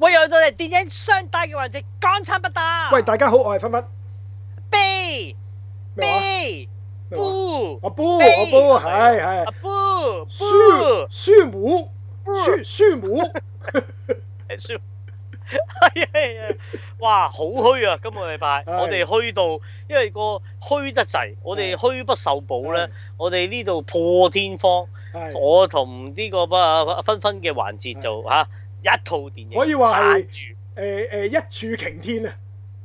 我又到嚟電影雙帶嘅環節，港產不打。喂，大家好，我係分分。B 咩話？B 布，我布，我布，係係。布舒，舒，樹舒，舒，樹母。舒，樹。哎呀呀！哇，好虛啊！今個禮拜我哋虛到，因為個虛得滯，No, 我哋虛不受補咧。我哋呢度破天荒，我同呢個不阿分分嘅環節做吓。一套電影可以話係誒誒一柱擎天啊！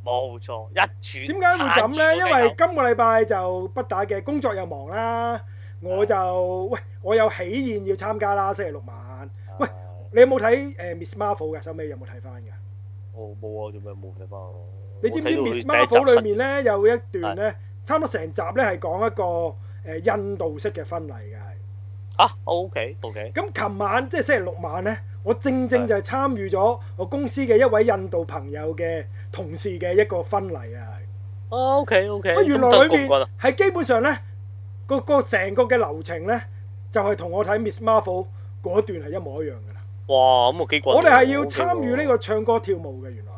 冇錯，一柱。點解會咁咧？因為今個禮拜就不打嘅工作又忙啦。我就喂，我有喜宴要參加啦。星期六晚，喂，你有冇睇誒 Miss Marvel 嘅？收尾有冇睇翻嘅？我冇啊！做咩冇睇翻？你知唔知 Miss Marvel 裏面咧有一段咧，差唔多成集咧係講一個誒印度式嘅婚禮嘅。嚇！OK OK。咁琴晚即係星期六晚咧。我正正就係參與咗我公司嘅一位印度朋友嘅同事嘅一個婚禮啊！哦，OK OK，原來裏面係基本上咧，個個成個嘅流程咧，就係、是、同我睇 Miss Marvel 嗰段係一模一樣噶啦。哇！咁咪幾攰。我哋係要參與呢個唱歌跳舞嘅，原來。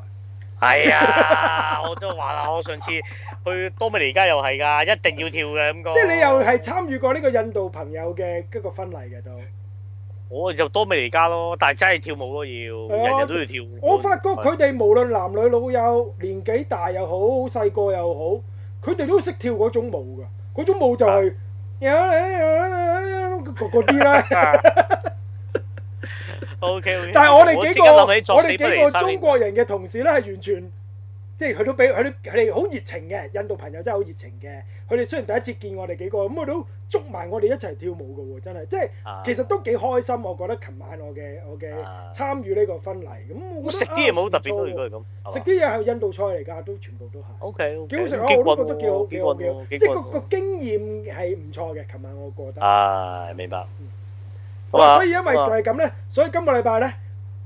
係啊！我都話啦， 我上次去多美尼加又係㗎，一定要跳嘅咁。那個、即係你又係參與過呢個印度朋友嘅一個婚禮嘅都。我就多未而家咯，但係真係跳舞咯，要日日都要跳。我發覺佢哋無論男女老幼，年紀大又好，細個又好，佢哋都識跳嗰種舞噶。嗰種舞就係有嗰嗰啲啦。O K O K。但係我哋幾個，我哋幾個中國人嘅同事咧，係完全。即係佢都俾佢都佢哋好熱情嘅，印度朋友真係好熱情嘅。佢哋雖然第一次見我哋幾個，咁佢都捉埋我哋一齊跳舞㗎喎，真係即係其實都幾開心。我覺得琴晚我嘅我嘅參與呢個婚禮，咁我食啲嘢冇特別咯，應該係咁。食啲嘢係印度菜嚟㗎，都全部都係。OK，幾好食我都覺得幾好，幾好，幾好。即係個經驗係唔錯嘅。琴晚我覺得。啊，明白。所以因為就係咁呢，所以今個禮拜呢。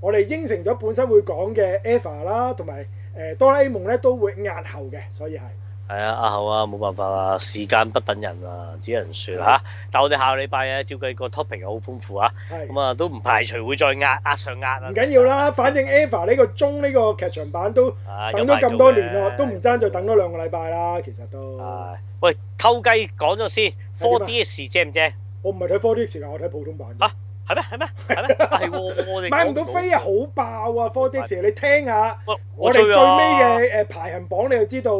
我哋應承咗本身會講嘅《Eva》啦，同埋誒《哆啦 A 夢》咧都會壓後嘅，所以係。係、哎、啊，壓後啊，冇辦法啦，時間不等人啊，只能説嚇的、啊。但我哋下個禮拜啊，照計個 topic 好豐富啊，咁的啊都唔排除會再壓壓上壓啊。唔緊要啦，的反正《Eva》呢個中呢個劇場版都、啊、等咗咁多年咯，啊啊、都唔爭再等多兩個禮拜啦，其實都。係、啊。喂，偷雞講咗先，《4DX》正唔正？我唔係睇《4DX》，我睇普通版嘅。啊啊係咩？係咩？係喎！我買唔到飛啊，好爆啊！4DX 你聽下，我哋最尾嘅誒排行榜你就知道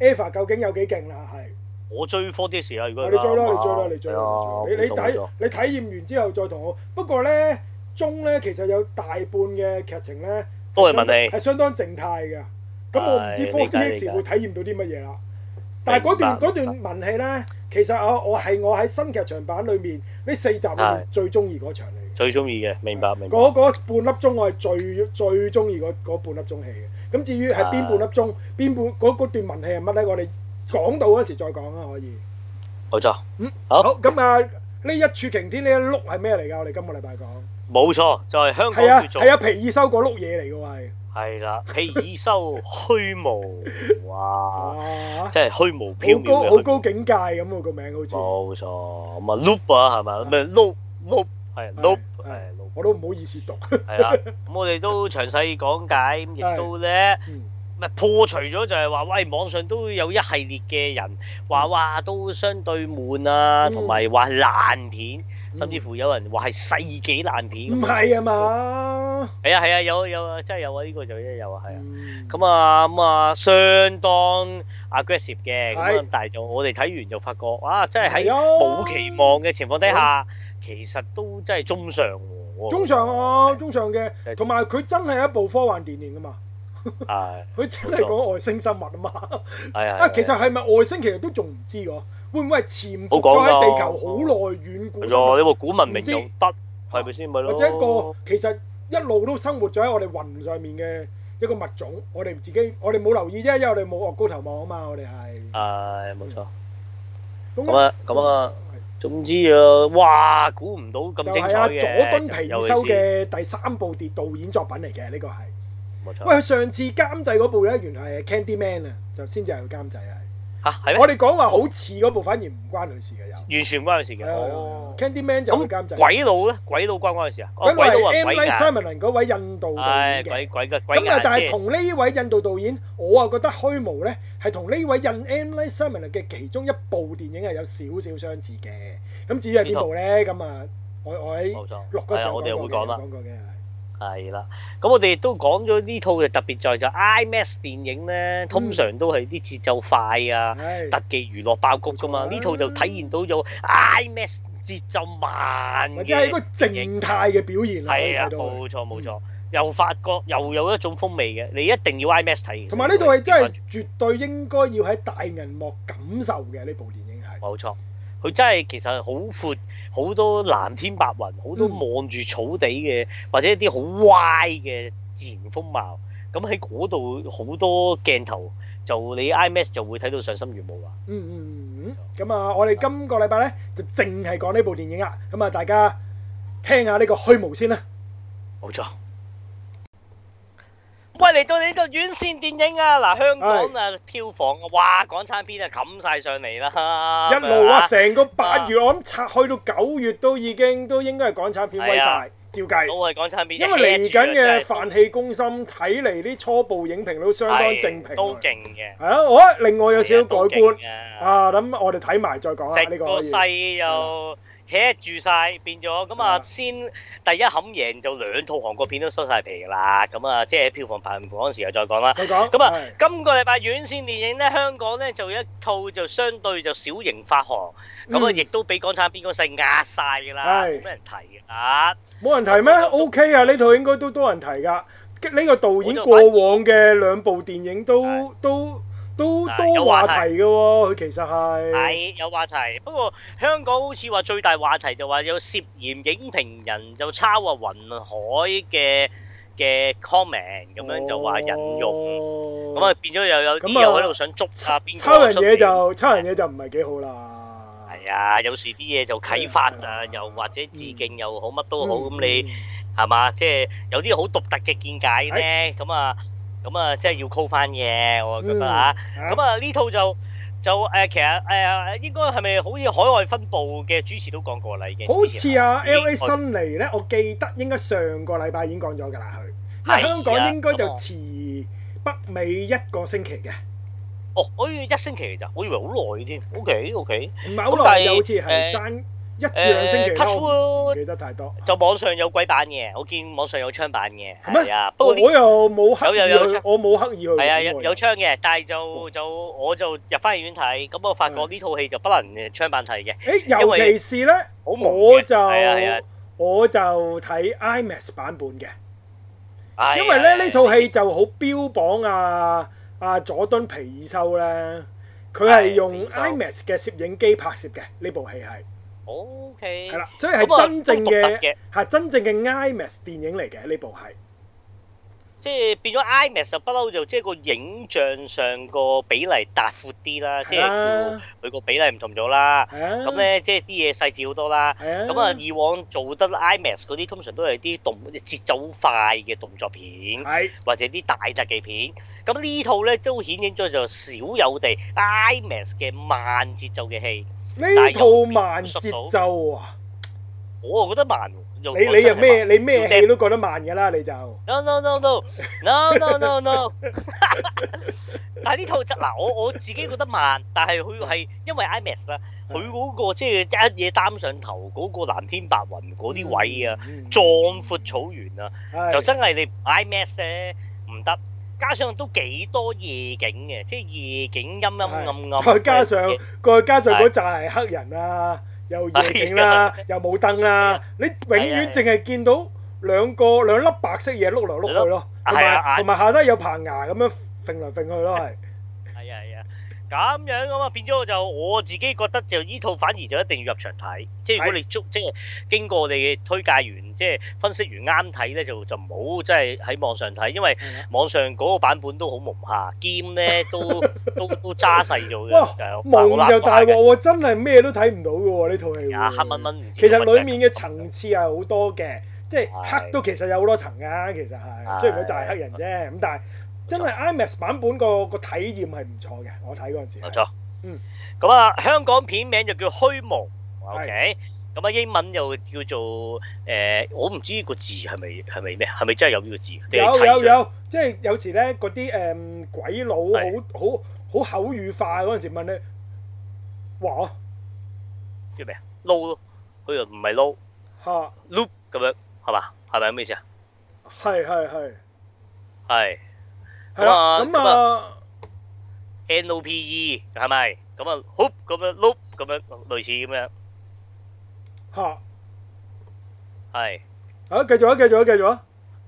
Eva 究竟有幾勁啦。係我追 4DX 時，如果你追啦，你追啦，你追啦，你你睇你體驗完之後再同我。不過咧，中咧其實有大半嘅劇情咧，都係問你係相當靜態嘅。咁我唔知 4DX 時會體驗到啲乜嘢啦。但係嗰段嗰段文戲咧，其實啊，我係我喺新劇場版裏面呢四集裏面最中意嗰場嚟。最中意嘅，明白明白。嗰嗰半粒鐘我係最最中意嗰嗰半粒鐘戲嘅。咁至於係邊半粒鐘，邊半嗰嗰段文戲係乜咧？我哋講到嗰時再講啦，可以。冇錯。嗯。好。好咁啊！呢一處擎天呢一碌係咩嚟㗎？我哋今個禮拜講。冇錯，就係香港。係啊，係啊，皮爾修個碌嘢嚟㗎喎係。係啦，譬如已收，虛無，哇！即係虛無縹緲，好高境界咁啊，個名好似。冇錯，咁啊 loop 啊係咪？咁 loop loop 係 loop，我都唔好意思讀。係啊，咁我哋都詳細講解，咁亦都咧，係破除咗就係話，喂，網上都有一系列嘅人話哇，都相對悶啊，同埋話爛片。甚至乎有人話係世紀爛片，唔係啊嘛？係啊係啊，有，有，有、這個、有啊，有、嗯、啊，真係有啊！呢個就真係有啊，係啊。咁啊咁啊，相當 aggressive 嘅。咁、啊、但係我我哋睇完就發覺，哇！真係喺冇期望嘅情況底下，啊、其實都真係中上喎、啊。中上啊，中上嘅。同埋佢真係一部科幻電影㗎嘛。係。佢真係講外星生，生物啊嘛。係啊。啊，其實係咪外星，其實都仲唔知喎。會唔會係潛伏咗喺地球好耐遠古上面？有個古文明就得，係咪先？咪咯，或者一個其實一路都生活咗喺我哋雲上面嘅一個物種，我哋唔自己我哋冇留意啫，因為我哋冇惡高頭望啊嘛，我哋係。誒，冇錯。咁啊，咁啊。總之啊，哇，估唔到咁精彩嘅。就係阿佐敦皮爾收嘅第三部碟導演作品嚟嘅，呢個係。冇錯。喂，上次監製嗰部咧，原來係 Candy Man 啊，就先至係個監製係。我哋講話好似嗰部反而唔關佢事嘅，又完全唔關佢事嘅對、哦。Candyman 就好咁鬼佬咧，鬼佬關唔關佢事啊？哦、鬼佬 M. Night Shyamalan 嗰位印度導演嘅、哎。鬼鬼嘅鬼咁但係同呢位印度導演，我啊覺得虛無咧，係同呢位印 M. Night Shyamalan 嘅其中一部電影係有少少相似嘅。咁至於係邊部咧？咁啊，我我喺落嗰時我講過，哎、我會講過嘅。係啦，咁我哋亦都講咗呢套，嘅特別在就係 IMAX 電影呢，通常都係啲節奏快啊，嗯、特技娛樂爆谷㗎嘛。呢、啊、套就體現到有 IMAX 節奏慢嘅電影。或者係一個靜態嘅表現。係啊、嗯，冇錯冇錯，又發覺又有一種風味嘅，你一定要 IMAX 睇。同埋呢套係真係絕對應該要喺大銀幕感受嘅呢部電影係。冇錯。佢真係其實好闊，好多藍天白雲，好多望住草地嘅，或者一啲好歪嘅自然風貌。咁喺嗰度好多鏡頭，就你 IMAX 就會睇到賞心悅目啦。嗯嗯咁啊，嗯 so，嗯，我哋今個禮拜呢，就淨係講呢部電影啦。咁啊，大家聽下呢個虛無先啦。冇錯。喂，嚟到你呢個院線電影啊！嗱，香港啊，票房哇，港產片啊，冚晒上嚟啦，一路啊，成個八月我諗，去到九月都已經都應該係港產片威晒，照計，都係港產片，因為嚟緊嘅《飯氣攻心》，睇嚟啲初步影評都相當正評，都勁嘅，係啊，我另外有少少改觀啊，咁我哋睇埋再講下呢個。企住晒變咗咁啊！先第一冚贏就兩套韓國片都收晒皮㗎啦！咁啊，即係票房排行榜嗰陣時又再講啦。再講咁啊，今個禮拜院線電影咧，香港咧就一套就相對就小型發行，咁啊亦都俾港產片嗰勢壓晒㗎啦。冇人提啊！冇人提咩？OK 啊！呢套應該都多人提㗎。呢個導演過往嘅兩部電影都都。都都有話題嘅喎、哦，佢其實係係有話題，不過香港好似話最大話題就話有涉嫌影評人就抄啊雲海嘅嘅 comment 咁、哦、樣就話引用，咁啊變咗又有啲又喺度想捉下邊個出嚟，抄人嘢就抄人嘢就唔係幾好啦。係啊，有時啲嘢就啟發啊，又或者致敬又好乜、嗯、都好，咁、嗯嗯、你係嘛？即係、就是、有啲好獨特嘅見解咧，咁唉啊。咁啊，即係要 call 翻嘅，我覺得啊，咁啊，呢套就就誒、呃，其實誒、呃、應該係咪好似海外分部嘅主持都講過啦，已經。好似啊，LA 辛尼咧，我記得應該上個禮拜已經講咗㗎啦，佢。係啊的。香港應該就遲北美一個星期嘅。哦，我以為一星期咋？我以為好耐添。O K O K。唔係好耐，又好似係爭。次一至兩星期咯，記得太多就網上有鬼版嘅，我見網上有槍版嘅係啊。不過我又冇刻意去，我冇刻意去係啊。有槍嘅，但係就就我就入翻戲院睇咁，我發覺呢套戲就不能槍版睇嘅。誒，尤其是咧，我就我就睇 IMAX 版本嘅，因為咧呢套戲就好標榜阿阿佐敦皮爾修咧，佢係用 IMAX 嘅攝影機拍攝嘅呢部戲係。O K，係啦，所以係真正嘅，係真正嘅 IMAX 電影嚟嘅呢部係，即係變咗 IMAX 就不嬲就即係個影像上個比例大闊啲啦，即係每個比例唔同咗啦。咁咧即係啲嘢細緻好多啦。咁啊的以往做得 IMAX 嗰啲通常都係啲動節奏快嘅動作片，的或者啲大特技片。咁呢套咧都顯現咗就少有地 IMAX 嘅慢節奏嘅戲。呢套慢節奏啊，我又覺得慢。你你又咩？你咩戲都覺得慢㗎啦，你就。No no no no no no no no！ 但係呢套就嗱，我我自己覺得慢，但係佢係因為 IMAX 啦、嗰個，佢嗰個即係一嘢擔上頭嗰個藍天白雲嗰啲位啊，壯、嗯、闊草原啊，是就真係你 IMAX 咧唔得。加上都幾多夜景嘅，即係夜景陰陰暗暗。再加上，再加計上嗰扎係黑人啊，的又夜景啦、啊， 又冇燈啦、啊，的你永遠淨係見到兩個的兩粒白色嘢碌來碌去咯，同埋同埋下低有棚牙咁樣揈嚟揈去咯，係。咁樣噶嘛，變咗就我自己覺得就依套反而就一定要入場睇，即係如果你捉即係經過我哋嘅推介完即係分析完啱睇咧，就就唔好即係喺網上睇，因為網上嗰個版本都好蒙下，兼咧都都都揸細咗嘅，蒙就大鑊喎，真係咩都睇唔到嘅喎呢套戲，黑蚊蚊。其實裡面嘅層次係好多嘅，即係對黑都其實有好多層嘅、啊，其實係，雖然佢就係黑人啫，咁但係。真係 IMAX 版本個個體驗係唔錯嘅。我睇嗰陣時冇錯，錯嗯咁啊，香港片名就叫《虛無》，OK，咁啊、嗯、英文又叫做誒、呃，我唔知呢個字係咪係咪咩，係咪真係有呢個字？有有有，即係有時咧嗰啲誒鬼佬好好好口語化嗰陣時問你，哇叫咩啊？撈囉？佢又唔係撈下 loop 咁樣，係嘛？係咪咁咩意思啊？係係係係。英語蹄 swimming 咁啊，NOPE 係咪？咁啊，hoop 咁樣 loop 咁樣類似咁樣。吓。係。好，繼續啊！繼續啊！繼續啊！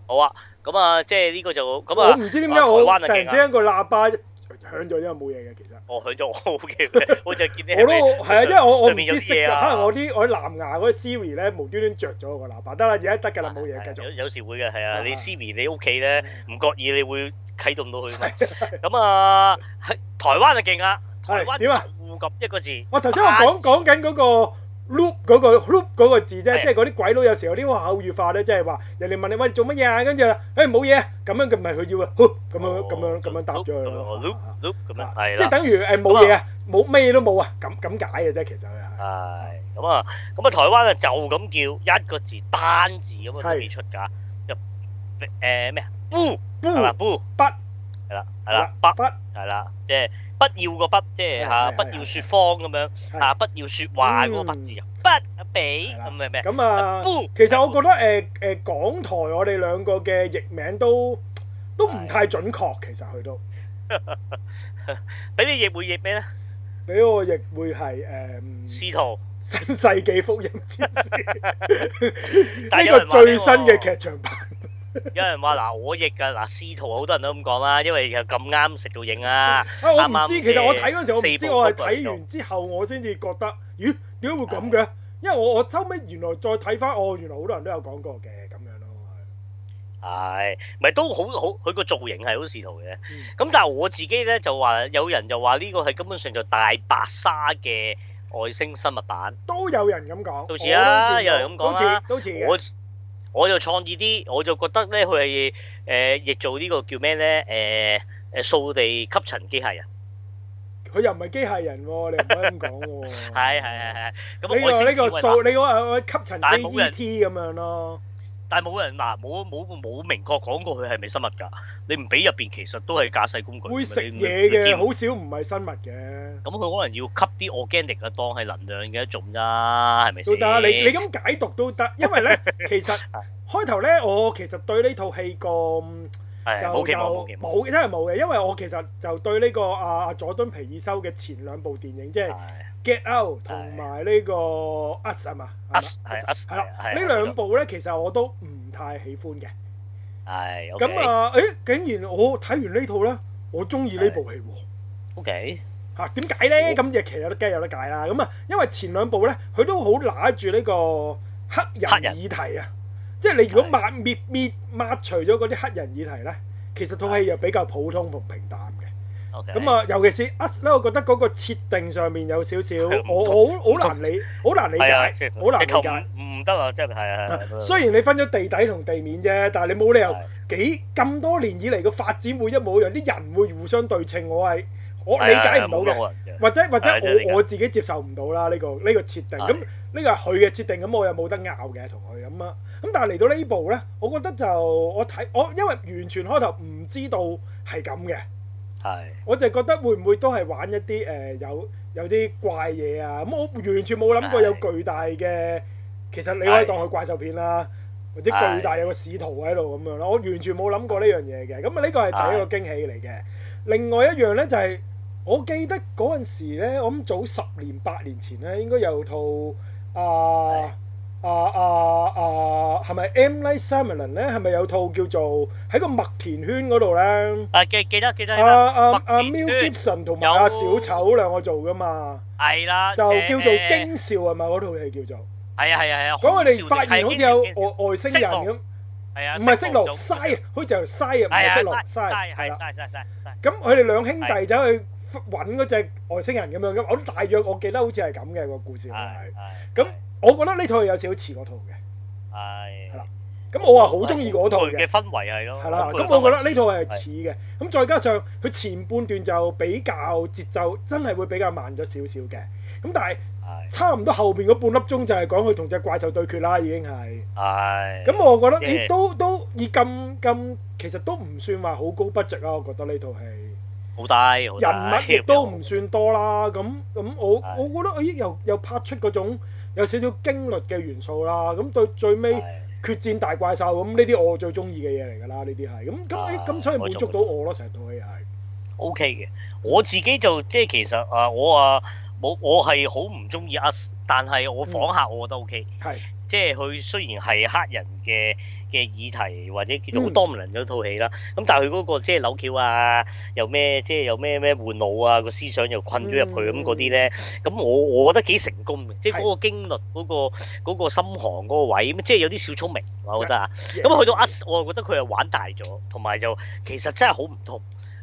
好啊，咁啊，即係呢個就咁啊。我唔知點解我突然之間個喇叭響咗，因為冇嘢嘅。 我去咗我好、OK、企，我就見你，我都係啊，因為我面有啲嘢啊、因為我啲可能我啲我啲藍牙嗰啲 Siri 咧無端端着咗個喇叭，得啦，而家得㗎啦，冇嘢，繼續 有。有時會嘅，係啊，你 Siri 你屋企咧唔覺意你會啟動到佢嘛？咁啊， 係台灣就勁啊！台灣點啊？護咁一個字。我頭先我講講緊嗰個。loop 嗰個 loop 嗰個字啫，即係嗰啲鬼佬有時候啲口語化咧，即係話人哋問你喂，你做乜嘢啊？跟住啦，誒冇嘢，咁樣佢唔係佢要啊，咁樣咁樣咁樣答咗去咯。loop loop 咁樣，即係等於誒冇嘢啊，冇咩嘢都冇啊，咁咁解嘅啫，其實係。係，咁啊，咁啊，台灣啊就咁叫一個字單字咁啊，可以出噶，就誒咩啊，不不不不，係啦係啦不，係啦，即係。不要個不，即係嚇，不要説謊咁樣嚇，不要説話嗰個不字啊！不俾咁咩咩？咁啊，其實我覺得誒誒港台我哋兩個嘅譯名都都唔太準確，其實佢都俾你譯會譯咩咧？俾我譯會係誒《司徒新世紀福音戰士》呢個最新嘅劇場版。有人話嗱我亦噶，嗱司徒好多人都咁講啦，因為又咁啱食到影啦。啊，我唔知，其實我睇嗰時我未必。我係睇完之後我先至覺得，咦？點解會咁嘅？因為我我收尾原來再睇翻，哦，原來好多人都有講過嘅咁樣咯。係咪都好好？佢個造型係好似司徒嘅，咁但係我自己咧就話，有人就話呢個係根本上就大白鯊嘅外星生物版。都有人咁講，都似啦，有人咁講啦，都似。我就創意啲，我就覺得咧佢係誒，亦、呃、做呢個叫咩咧？誒誒掃地吸塵機械人，佢又唔係機械人喎、啊啊， 你唔可以咁講喎。係係係係，咁我呢個呢個掃，你話吸塵 A E T 咁樣咯。但係冇人嗱，冇冇冇明確講過佢係咪生物㗎？你唔俾入邊，其實都係駕駛工具。會食嘢嘅，好少唔係生物嘅。咁佢可能要吸啲 organic 啊，當係能量嘅一種啫，係咪先？都得，你你咁解讀都得，因為咧， 其實開頭咧，我其實對呢套戲個就冇冇，真係冇嘅，因為我其實就對呢、呢個阿、啊、佐敦皮爾修嘅前兩部電影即係。即係 Get Out 同埋呢個 Us 係嘛？Us 係啦，呢兩部咧其實我都唔太喜歡嘅。係咁啊！誒，竟然我睇完呢套咧，我中意呢部戲喎。OK 嚇？點解咧？咁亦其實都梗係有得解啦。咁啊，因為前兩部咧，佢都好揦住呢個黑人議題啊。即係你如果抹滅滅抹除咗嗰啲黑人議題咧，其實套戲又比較普通同平淡。咁啊，尤其是 us 咧，我覺得嗰個設定上面有少少，我我好難理，好難理解，好難理解，唔唔得啊！真係係係。雖然你分咗地底同地面啫，但係你冇理由幾咁多年以嚟嘅發展會一模一樣，啲人會互相對稱，我係我理解唔到嘅，或者或者我我自己接受唔到啦。呢個呢個設定，咁呢個係佢嘅設定，咁我又冇得拗嘅同佢。咁啊，咁但係嚟到呢一步咧，我覺得就我睇我，因為完全開頭唔知道係咁嘅。 我就覺得會唔會都係玩一啲誒有有啲怪嘢啊？咁我完全冇諗過有巨大嘅， 其實你可以當佢怪獸片啦，或者巨大有個使徒喺度咁樣咯。我完全冇諗過呢樣嘢嘅，咁啊呢個係第一個驚喜嚟嘅。另外一樣呢，就係、是，我記得嗰陣時咧，我諗早十年八年前呢，應該有套啊。呃啊啊啊，係咪 M. Night Shyamalan 咧？係咪有套叫做喺個麥田圈嗰度咧？啊記，記得記得。阿，阿 Mel Gibson 同埋阿小丑兩個做噶嘛。係啦。就叫做驚兆係嘛？嗰套戲叫做。係啊係啊係啊。咁我哋發現好似有外外星人咁。係啊。唔係色狼，曬好似就曬唔係色狼曬。係啦。咁佢哋兩兄弟走去揾嗰隻外星人咁樣咁。我大約我記得好似係咁嘅個故事係。係係。咁。我覺得呢套有少少似嗰套嘅，係，係啦，咁我話好中意嗰套嘅氛圍係咯，係啦，咁我覺得呢套係似嘅，咁再加上佢前半段就比較節奏真係會比較慢咗少少嘅，咁但係差唔多後邊嗰半粒鐘就係講佢同隻怪獸對決啦，已經係，係，咁我覺得你都都以咁咁其實都唔算話好高 budget 啦。我覺得呢套戲，好低，人物亦都唔算多啦，咁咁我我覺得咦又又拍出嗰種。有少少驚慄嘅元素啦，咁對最尾決戰大怪獸咁，呢啲我最中意嘅嘢嚟㗎啦，呢啲係咁咁咁，所以滿足到我咯，成套戲係。O K 嘅，我自己就即係其實啊，我啊冇我係好唔中意啊，但係我仿下我覺得 O K 係。嗯即係佢雖然係黑人嘅嘅議題或者叫好 dominant 嗰套戲啦，咁、嗯、但係佢嗰個即係扭橋啊，又咩即係又咩咩換腦啊，個思想又困咗入去咁嗰啲咧，咁、嗯、我我覺得幾成功嘅，是即係嗰個經歷嗰、嗰個嗰個心寒嗰個位，即係有啲小聰明，我覺得啊，咁、嗯、去到 US< 的>我又覺得佢又玩大咗，同埋就其實真係好唔同。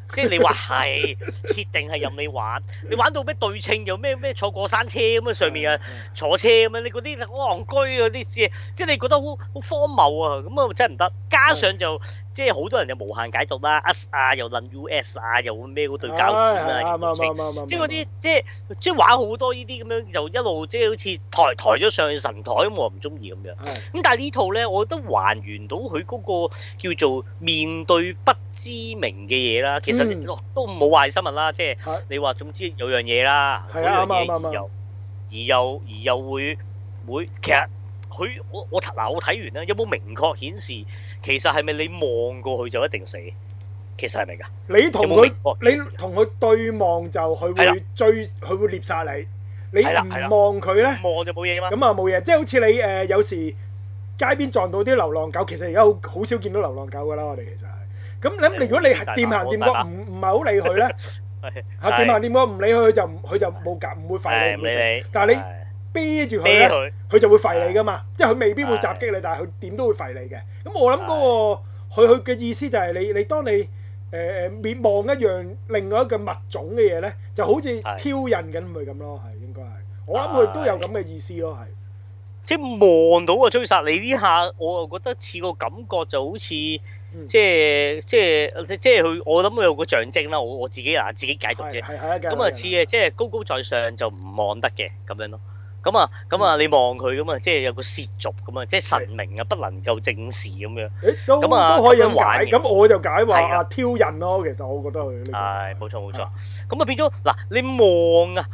即係你話係設定係任你玩，你玩到咩對稱又咩咩坐過山車咁啊，上面啊坐車咁啊，你嗰啲憨居嗰啲嘢，即係你覺得好好荒謬啊，咁啊真係唔得，加上就。 即係好多人就無限解讀啦 s 啊又論 US 啊又會咩嗰對膠戰啊情即係嗰啲即係即係玩多即好多呢啲咁樣，又吧一路即係好似抬抬咗上去神台咁，我唔中意咁樣。咁但係呢套咧，我覺得還原到佢嗰、嗰個叫做面對不知名嘅嘢啦，其實都冇壞新聞啦，即係你話總之有樣嘢啦，嗰樣嘢而又而又而又，又會會其實佢我我嗱我睇完咧，有冇明確顯示？其實係咪你望過去就一定死？其實係咪噶？你同佢，你同佢對望就佢會追，佢會獵殺你。你唔望佢咧，望就冇嘢嘛。咁啊冇嘢，即係好似你誒，有時街邊撞到啲流浪狗，其實而家好好少見到流浪狗噶啦。我哋其實係咁諗，如果你掂行掂過，唔唔係好理佢咧，吓掂行掂過唔理佢，就唔佢就冇夾，唔會吠你，唔會食。但係你。啤住佢佢就會吠你噶嘛。即係佢未必會襲擊你，的但係佢點都會吠你嘅。咁我諗嗰個佢佢嘅意思就係你你當你誒誒面望一樣另外一個物種嘅嘢咧，就好似挑釁緊佢咁咯。係的應該係我諗佢都有咁嘅意思咯。係即係望到個追殺你呢下，我又覺得似個感覺就好似即係即係即係佢。我諗佢有個象徵啦。我我自己嗱自己解讀啫。咁啊，似嘅即係高高在上就唔望得嘅咁樣咯。咁啊，咁啊，嗯、你望佢咁啊，即係有個涉俗咁啊，即係神明啊，不能夠正視咁樣。咁啊，欸、都啊可以解，咁解我就解話的挑釁咯。其實我覺得佢係冇錯冇錯。咁啊，變咗嗱，你望啊，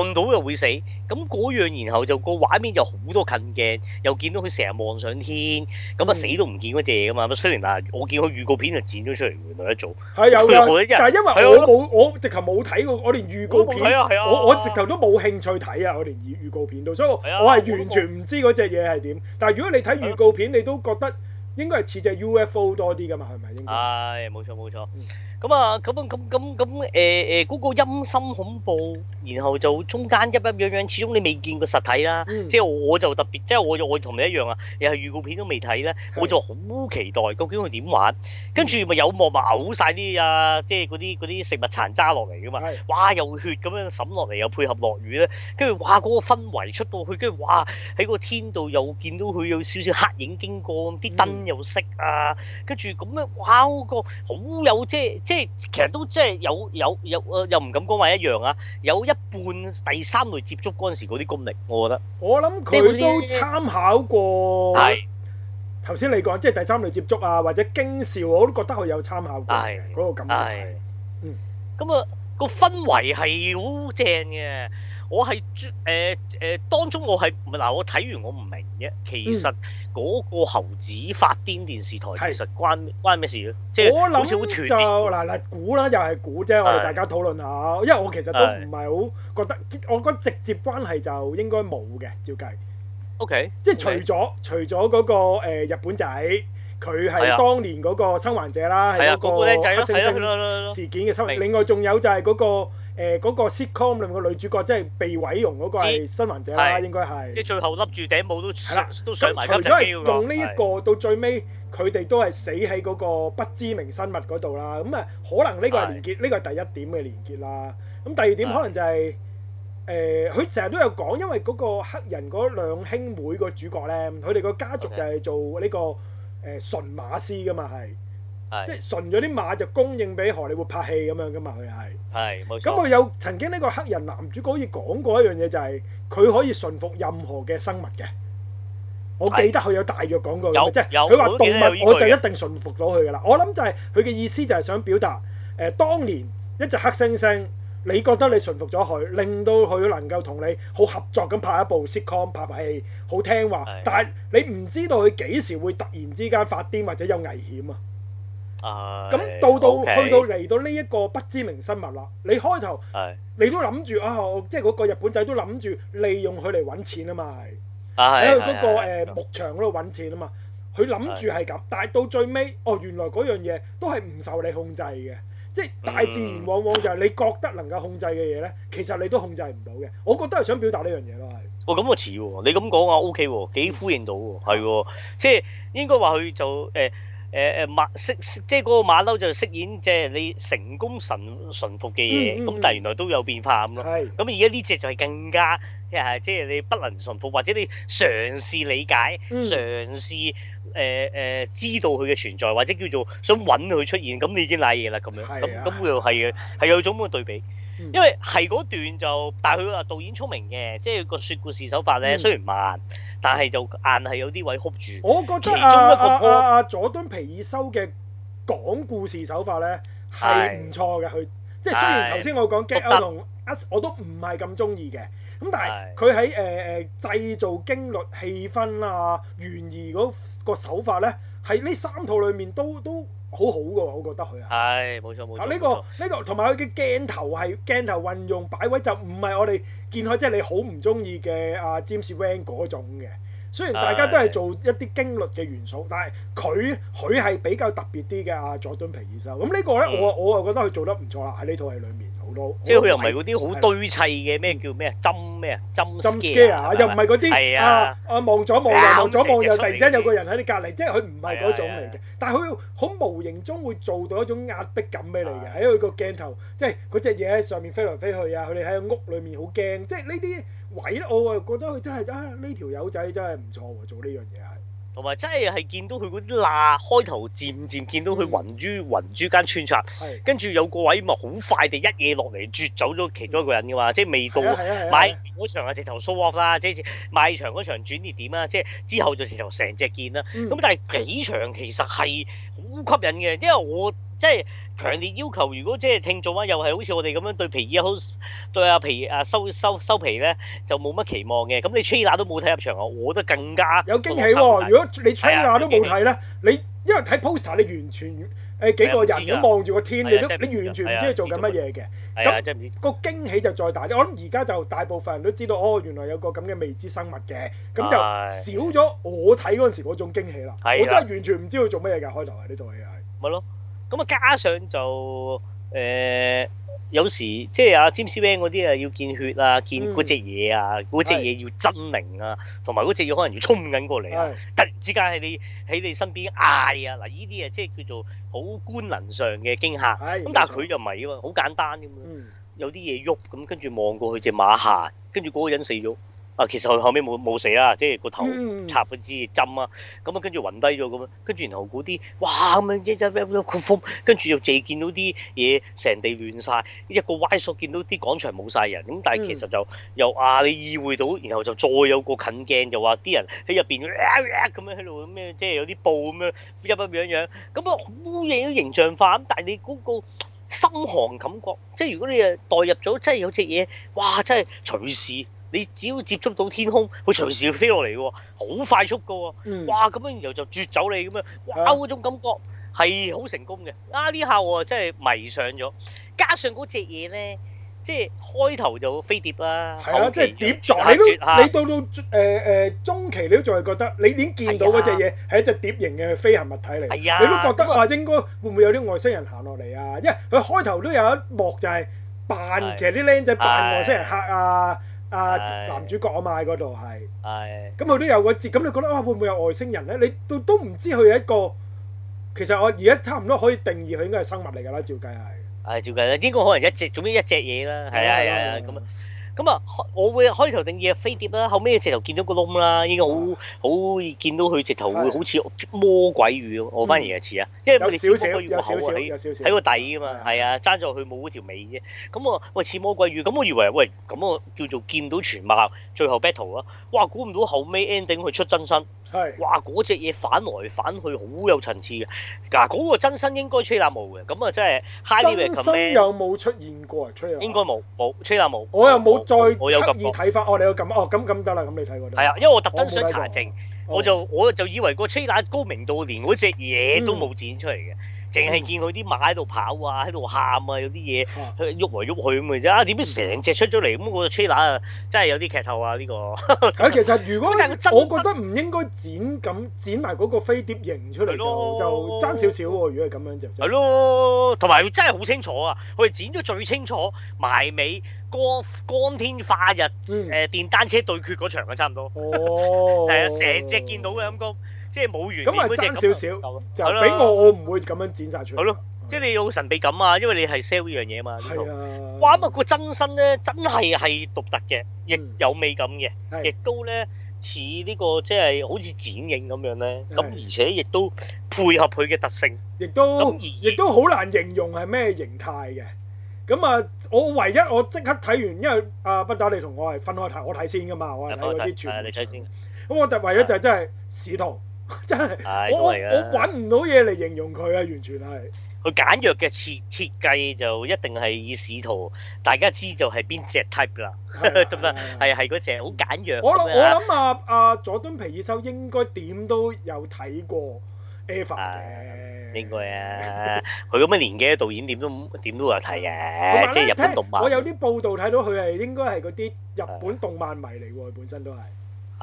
望到又會死。咁嗰樣，然後就個畫面就好多近鏡，又見到佢成日望上天，咁啊死都唔見嗰隻嘢噶嘛。咁雖然嗱，我見佢預告片就剪咗出嚟，原來一組係有，嘅。但係因為我冇我直頭冇睇過，我連預告片我我，我直頭都冇興趣睇啊！我連預預告片都，所以我我係完全唔知嗰隻嘢係點。但係如果你睇預告片，你都覺得應該係似隻 UFO 多啲噶嘛？係咪應該？係冇錯冇錯。咁啊咁啊咁咁咁誒誒嗰個陰森恐怖。然後就中間一一樣樣樣，始終你未見過實體啦。嗯，即係我就特別，即係我我同你一樣啊！又係預告片都未睇咧，我就好期待究竟佢點玩。跟住咪有幕咪嘔曬啲啊！即係嗰啲啲食物殘渣落嚟㗎嘛。哇！有血咁樣滲落嚟，又配合落雨咧。跟住哇，嗰個氛圍出到去，跟住哇，喺個天度又見到佢有少少黑影經過，啲燈又熄啊。跟住咁樣哇，嗰個好有即係即係，其實都即係有有有，有又唔敢講話一樣啊。有一一半第三類接觸嗰陣時嗰啲功力，我覺得。我諗佢都參考過。係的。頭先你講即係第三類接觸啊，或者驚兆，我都覺得佢有參考過嗰的個感覺。的嗯。咁啊，個氛圍係好正嘅。我係誒誒當中，我係嗱，我睇完我唔明嘅。其實嗰個猴子發癲電視台其實關關咩事即係？我諗就嗱，嗱估啦，又係估啫。我哋大家討論下，因為我其實都唔係好覺得，我覺得直接關係就應該冇嘅。照計，OK，即係除咗除咗嗰個日本仔，佢係當年嗰個生還者啦，係嗰個黑猩猩事件嘅生還。另外仲有就係嗰個。誒嗰、呃那個 sitcom 裏面個女主角，即係被毀容嗰個係新患者啦，是應該係即最後笠住頂帽都係啦，都，的都上埋偷除咗係用呢、這、一個的到最尾，佢哋都係死喺嗰個不知名生物嗰度啦。咁、嗯、啊，可能呢個係連結，呢個係第一點嘅連結啦。咁、嗯、第二點可能就係、是、誒，佢成日都有講，因為嗰個黑人嗰兩兄妹個主角咧，佢哋個家族就係做呢個誒馴馬師噶嘛係。即係馴咗啲馬就供應俾荷里活拍戲咁樣噶嘛，佢係。係冇錯。咁佢有曾經呢個黑人男主角，好似講過一樣嘢，就係佢可以馴服任何嘅生物嘅。我記得佢有大約講過嘅，即係佢話動物我就一定馴服到佢噶啦。我諗就係佢嘅意思就係想表達，誒當年一隻黑猩猩，你覺得你馴服咗佢，令到佢能夠同你好合作咁拍一部 sitcom，拍拍戲，好聽話。但係你唔知道佢幾時會突然之間發癲或者有危險啊！咁到到去到嚟到呢一個不知名生物啦，你開頭你都諗住啊，即係嗰個日本仔都諗住利用佢嚟揾錢啊嘛，喺嗰、啊嗰個誒、啊、牧場嗰度揾錢啊嘛，佢諗住係咁，啊、但係到最尾哦，原來嗰樣嘢都係唔受你控制嘅，即、就、係、係、大自然往往就係你覺得能夠控制嘅嘢呢，其實你都控制唔到嘅。我覺得係想表達呢樣嘢咯，係。哦，咁我似喎，你咁講啊，O K 喎，幾、OK, 呼應到喎，係喎、嗯，即係、就係、應該話佢就誒。欸誒誒、呃、馬飾即係嗰個馬騮就飾演即係你成功馴馴服嘅嘢，咁、嗯嗯嗯、但係原來都有變化咁咯。係是。咁而家呢隻就係更加即係即係你不能馴服，或者你嘗試理解、嗯、嘗試誒誒、呃呃、知道佢嘅存在，或者叫做想揾佢出現，咁你已經賴嘢啦咁樣。咁咁又係嘅，係、就是、有種咁嘅對比。嗯嗯、因為係嗰段就，但係佢話導演聰明嘅，即係個說故事手法咧，雖然慢。但係就硬係有啲位曲住。我覺得啊啊，啊佐敦皮爾修嘅講故事手法咧係唔錯嘅，佢的即係雖然頭先我講《Get Out》啊同《Us》我都唔係咁中意嘅，咁但係佢喺誒誒製造驚慄氣氛啊懸疑嗰個手法咧，喺呢三套裡面都都。好好嘅我覺得佢、哎、啊，係冇錯冇錯。啊、這個，呢個呢個同埋佢嘅鏡頭係鏡頭運用擺位就唔係我哋見開，即、就、係、是、你好唔中意嘅阿詹姆斯溫嗰種嘅。雖然大家都係做一啲驚慄嘅元素，但係佢佢係比較特別啲嘅阿佐敦皮爾森。咁、啊嗯啊這個、呢個咧，我我係覺得佢做得唔錯啦。喺呢套戲裡面。即係佢又唔係嗰啲好堆砌嘅咩叫咩吧啊？針咩啊？針 game 啊？又唔係啲係啊！啊望左望右望左望右，突然間有個人喺你隔離，啊、即係佢唔係嗰種嚟嘅。啊、但係佢好無形中會做到一種壓迫感俾你嘅。喺佢、啊、個鏡頭，即係隻嘢喺上面飛來飛去、就是、啊！佢哋喺屋裏面好驚。即係呢啲位咧，我啊覺得佢真係啊呢條友仔真係唔錯做呢樣嘢係。同埋真係係見到佢嗰啲罅，開頭漸漸見到佢雲於雲珠間穿插，嗯、跟住有個位咪好快地一嘢落嚟啜走咗其中一個人嘅嘛，即係未到、啊啊啊啊、買嗰場係直頭 soft 啦，即係買場嗰場轉捩點啊，即係之後就直頭成隻見啦。咁、嗯嗯嗯、但係幾場其實係好吸引嘅，因為我。即係強烈要求，如果即係聽眾啊，又係好似我哋咁樣對皮爾好，對阿皮阿收收收皮咧，就冇乜期望嘅。咁你吹 h 都冇睇入場，我我得更加有驚喜。如果你吹 h 都冇睇咧，你因為睇 poster，你完全誒幾個人咁望住個天，你你完全唔知佢做緊乜嘢嘅。咁個驚喜就再大啲。我諗而家就大部分人都知道，哦，原來有個咁嘅未知生物嘅，咁就少咗我睇嗰陣時嗰種驚喜啦。我真係完全唔知佢做乜嘢噶開頭啊，呢套戲係咪咯？咁啊，加上就誒、呃，有時即係啊 James Wan 嗰啲啊，要見血啊，見嗰隻嘢啊，嗰、嗯、隻嘢要猙獰啊，同埋嗰隻嘢可能要衝緊過嚟啊！嗯、突然之間係你喺你身邊嗌啊，嗱呢啲啊即係叫做好官能上嘅驚嚇。咁、哎、呀但係佢就唔係啊嘛，好簡單咁樣，嗯、有啲嘢喐咁，跟住望過去隻馬下，跟住嗰個人死咗。啊，其實佢後尾冇冇死啊，即係個頭插嗰支針啊，咁啊跟住暈低咗咁啊，跟住、嗯、然後嗰啲哇咁樣一一一個風，跟住又自己見到啲嘢成地亂晒。一個歪索見到啲廣場冇晒人，咁但係其實就又啊你意會到，然後就再有個近鏡就話啲人喺入邊咁樣喺度咩，即係有啲布咁樣陰陰陽陽，咁啊好嘢都形象化，咁但係你嗰個心寒感覺，即係如果你啊代入咗，真係有隻嘢哇真係隨時。你只要接觸到天空，佢隨時會飛落嚟嘅喎，好快速嘅喎，哇咁樣然後就啜走你咁樣，哇嗰種感覺係好成功嘅。啊呢下我真係迷上咗，加上嗰隻嘢咧，即係開頭就飛碟啦，係啊，即係碟狀，你到你到到誒中期，你都仲係覺得你已經見到嗰隻嘢係一隻碟形嘅飛行物體嚟，你都覺得啊應該會唔會有啲外星人行落嚟啊？因為佢開頭都有一幕就係扮，其實啲僆仔扮外星人嚇啊。啊，男主角我買嗰度係，咁佢都有個節，咁你覺得啊會唔會有外星人咧？你都都唔知佢係一個，其實我而家差唔多可以定義佢應該係生物嚟㗎啦，照計係。係照計啦，應該可能一隻，總之一隻嘢啦，係啊係啊咁啊。咁啊，我會開頭定嘢啊飛碟啦，後尾直頭見到個窿啦，已經好好見到佢直頭會好似魔鬼魚，我反而啊似啊，因為我哋小魔鬼魚個口，喺喺個底啊嘛，係啊，爭咗佢冇嗰條尾啫。咁啊，喂似魔鬼魚，咁我以為喂咁我叫做見到全貌，最後 battle 啦，哇估唔到後尾 ending 佢出真身，係是哇嗰隻嘢反來反去好有層次嘅，嗱、那、嗰個真身應該吹喇毛嘅，咁啊真係，真身有冇出現過吹喇叭？應該冇冇吹喇毛。我又冇。再刻意睇翻，哦，你有撳哦，咁咁得啦，咁你睇過。係啊，因為我特登想查證，哦我，哦、我就我就以為個 trailer 高明到連嗰隻嘢都冇剪出嚟嘅。嗯淨係見佢啲馬喺度跑啊，喺度喊啊，有啲嘢佢喐嚟喐去咁嘅啫。啊，點解成隻出咗嚟咁？那個 trailer 啊，真係有啲劇透啊！呢、呢個 其實，如果但真我覺得唔應該剪咁剪埋嗰個飛碟型出嚟就咯就爭少少喎。如果係咁樣就係咯，同埋真係好清楚啊！佢哋剪咗最清楚埋尾，光光天化日誒、嗯呃、電單車對決嗰場啊，差唔多係啊，成、哦、 隻見到嘅陰功。即係冇完，咁係爭少少，就俾我我唔會咁樣剪曬出嚟。好咯，即係你有神秘感啊，因為你係 sell 依樣嘢啊嘛。係啊，哇！乜個真身咧？真係係獨特嘅，亦有美感嘅，亦都咧似呢個即係好似剪影咁樣咧。咁而且亦都配合佢嘅特性，亦都亦都好難形容係咩形態嘅。咁啊，我唯一我即刻睇完，因為阿不打你同我係分開睇，我睇先㗎嘛，我係睇嗰啲全。係你睇先。咁我唯一就真係試圖。真係，我我我揾唔到嘢嚟形容佢啊！完全係佢簡約嘅設設計就一定係以使徒，大家知道係邊隻 type 啦，得唔得？係係嗰隻好簡約。我諗樣我諗想啊，阿、啊、佐敦皮爾修應該點都有睇過《EVA》嘅、啊。應該啊，佢咁嘅年紀嘅導演點都點都有睇嘅、啊，即係日本動漫。我有啲報道睇到佢係應該係嗰啲日本動漫迷嚟喎，本身都係。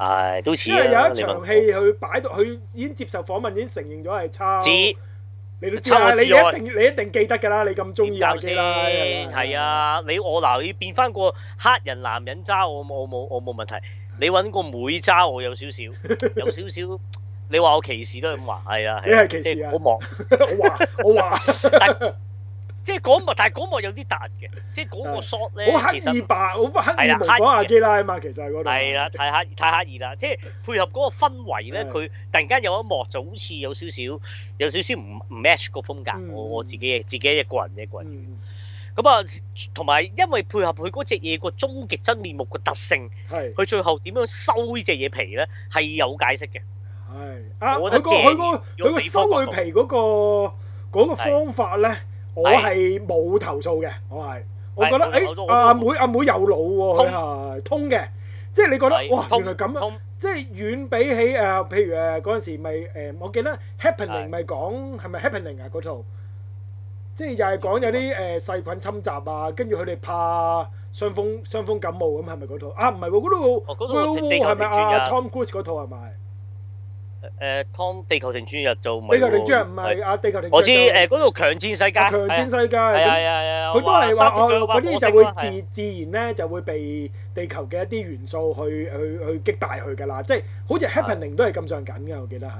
係、哎、都似，因為有一場戲佢擺到，佢已經接受訪問，已經承認咗係差，自你都知嚟到你一定你一定記得㗎啦！你咁中意我先，係啊！你我嗱你變翻個黑人男人揸我，我冇我冇問題。你揾個妹揸我有少少，有少少。你話我歧視都係咁話，係啊，即係、啊、歧視好、啊、忙，望， 我話，我話。 即係嗰幕，但係嗰幕有啲突嘅，即係嗰個 shot 咧，好刻意扮，好刻意模仿阿基拉啊嘛，其實係嗰度。係啦，太刻意，太刻意啦。即係配合嗰個氛圍咧，佢突然間有一幕就好似有少少，有少少唔唔 match 個風格。我我自己嘅，自己嘅個人嘅個人嘅。咁啊，同埋因為配合佢嗰隻嘢個終極真面目個特性，佢最後點樣收呢隻嘢皮咧，係有解釋嘅。係啊，佢個佢個佢個收佢皮嗰個嗰個方法咧。我係冇投訴嘅，我係，我覺得，哎，阿妹阿妹有腦喎，佢係通嘅，即係你覺得，哇，原來咁啊，即係遠比起誒，譬如誒嗰陣時咪誒，我記得《Happening》咪講係咪《Happening》啊嗰套，即係又係講有啲誒細菌侵襲啊，跟住佢哋怕傷風傷風感冒咁，係咪嗰套？啊，唔係喎，嗰套，係咪啊 Tom Cruise 嗰套係咪？誒 o m，地球停轉日就地球停轉日唔係啊，地球停轉日我知誒，嗰度強戰世界強戰世界係啊係啊，佢都係話哦，嗰啲就會自自然咧就會被地球嘅一啲元素去去去擊敗佢噶啦，即係好似 happening 都係咁上緊噶，我記得係。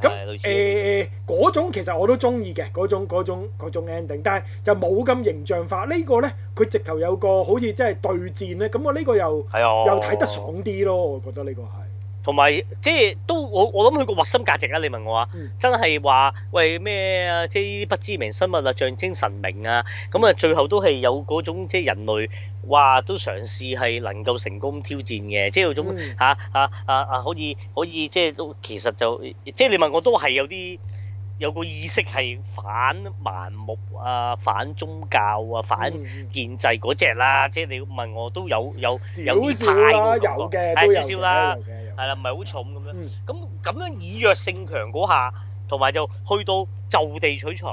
咁誒誒，嗰種其實我都中意嘅，嗰種嗰種嗰種 ending，但係就冇咁形象化。呢個咧，佢直頭有個好似即係對戰咧，咁我呢個又又睇得爽啲咯，我覺得呢個係。同埋即係都我我諗佢個核心價值啊！你問我啊，真係話喂咩啊？即係呢啲不知名生物啊，象徵神明啊，咁啊最後都係有嗰種即係人類話都嘗試係能夠成功挑戰嘅，即係嗰種嚇啊啊啊可以可以即係都其實就即係你問我都係有啲有個意識係反盲目啊、反宗教啊、反建制嗰隻啦。即係你問我都有有少少有啲派咁嘅，少少啦。係啦，唔係好重咁樣。咁咁、嗯、樣以弱勝強嗰下，同埋就去到就地取材，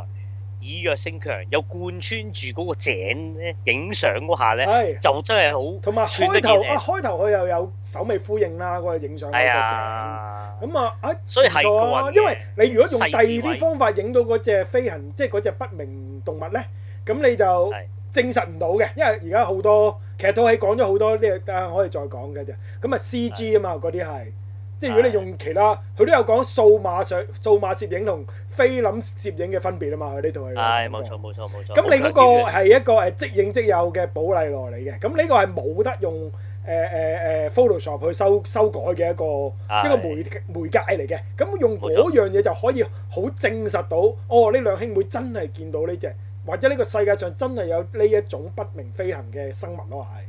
以弱勝強又貫穿住嗰個井咧，影相嗰下咧，的就真係好。同埋開頭啊，開頭佢又有首尾呼應啦，嗰、那個影相。係、哎、呀啊，咁啊啊，所以係、啊。因為你如果用第二啲方法影到嗰隻飛行，即係嗰隻不明動物咧，咁你就。的證實唔到嘅，因為而家好多，其實都係講咗好多啲啊，可以再講嘅啫。咁啊，CG 啊嘛，嗰啲係，即係如果你用其他，佢都有講數碼相、數碼攝影同菲林攝影嘅分別啊嘛。佢呢度係。係，冇錯冇錯冇錯。咁你嗰個係一個誒即影即有嘅寶麗來嚟嘅，咁呢個係冇得用誒誒誒 Photoshop 去修修改嘅一個一個媒媒介嚟嘅，咁用嗰樣嘢就可以好證實到，哦，呢兩兄妹真係見到呢隻。或者呢個世界上真係有呢一種不明飛行嘅生物咯，係。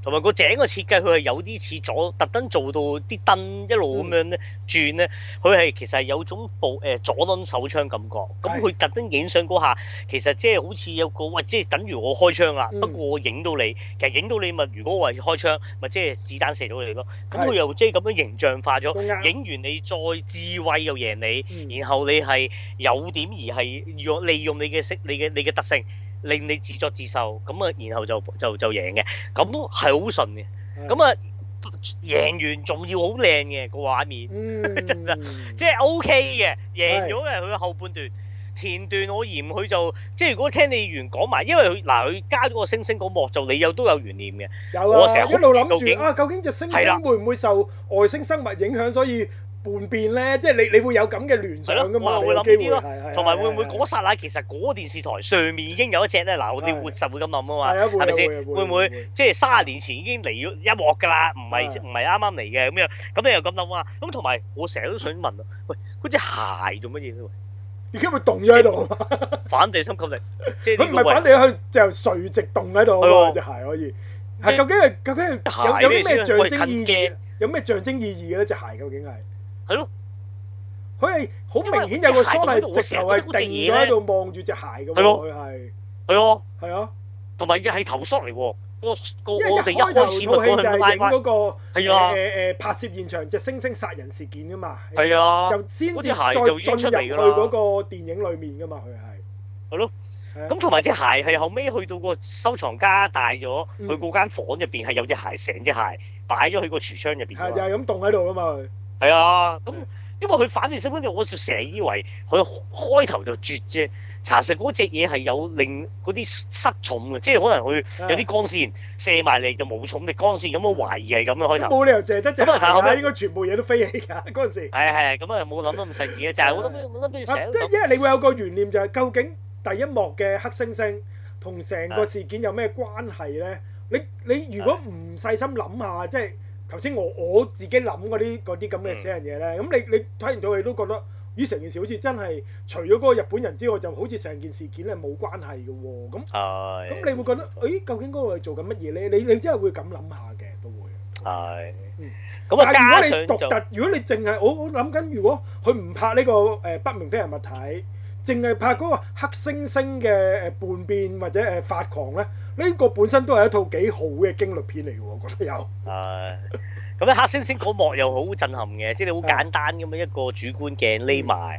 同埋個井嘅設計，佢係有啲似左特登做到啲燈一路咁樣咧轉咧，佢係、嗯、其實係有種部誒、呃、左輪手槍感覺。咁佢特登影相嗰下，其實即係好似有個喂、哎，即係等於我開槍啦，嗯、不過我影到你，其實影到你咪如果我係開槍，咪即係子彈射到你咯。咁佢又即係咁樣形象化咗，影完你再智慧又贏你，嗯、然後你係有點而係用利用你嘅識你嘅你嘅特性，令你自作自受，咁啊，然後就就就贏嘅，咁係好順嘅。咁啊的贏完仲要好靚嘅個畫面，嗯、 真係即係 OK 嘅，贏咗嘅佢後半段，的前段我嫌佢就即係如果聽你完講埋，因為佢嗱佢加咗個星星嗰幕就你都有都有懸念嘅，有、啊、我成日喺度諗住啊，究竟隻星星會唔會受外星生物影響，所以？叛變咧，即係你你會有咁嘅聯想咁，我係會諗呢啲咯。同埋會唔會嗰剎那其實嗰電視台上面已經有一隻咧？嗱，我哋活實會咁諗啊嘛？係咪先？會唔會，即係三十年前已經嚟咗一鑊㗎喇，唔係，唔係啱啱嚟嘅。咁你又咁諗啊，咁同埋我成日都想問，喂，隻鞋做乜嘢？喂，點解會動咗喺度？反地心吸力，即係唔係反地心，佢就垂直動喺度。隻鞋可以，究竟係，究竟係有咩象徵意義？有咩象徵意義嘅呢隻鞋究竟係？係咯，佢係好明顯有個雙立足就係定咗喺度望住隻鞋噶嘛。係咯，係，係啊，同埋只係頭縮嚟喎。個我哋一開始套戲就係影嗰個誒誒誒拍攝現場隻猩猩殺人事件噶嘛。係啊，就先至再進入去嗰個電影裏面噶嘛。佢係係咯，咁同埋隻鞋係後尾去到個收藏家帶咗，佢嗰間房入邊係有隻鞋，成隻鞋擺咗喺個櫥窗入邊，係就係咁凍喺度噶嘛。係啊，咁因為佢反面新聞嘅，我就成日以為佢開頭就絕啫。查實嗰隻嘢係有令嗰啲失重嘅，即係可能佢有啲光線射埋嚟就冇重力光線。咁我懷疑係咁樣開頭。冇理由借得。咁麼啊，後尾、啊啊、應該全部嘢都飛起㗎嗰陣時。係係，咁啊冇諗得咁細緻嘅，就覺得。啊，即係因為你會有個懸念、就係，就係究竟第一幕嘅黑猩猩同成個事件有咩關係咧？你你，你如果唔細心諗下，即係。頭先我我自己諗嗰啲嗰啲咁嘅死人嘢咧，咁、嗯、你你睇唔到你都覺得，咦，成件事好似真係除咗嗰個日本人之外，就好似成件事件咧冇關係嘅喎。咁咁、哎、你會覺得，誒、哎、究竟嗰個係做緊乜嘢咧？你你，你真係會咁諗下嘅都會。係。哎、嗯。咁啊，但如果你獨特，如果你淨係我我諗緊，如果佢唔拍呢、呢個誒、呃、不明飛行物體。淨係拍嗰個黑猩猩嘅誒叛變或者誒發狂咧，呢、呢個本身都係一套幾好嘅驚慄片嚟嘅，我覺得有。誒，咁咧黑猩猩嗰幕又好震撼嘅，即係你好簡單咁樣一個主觀鏡匿埋，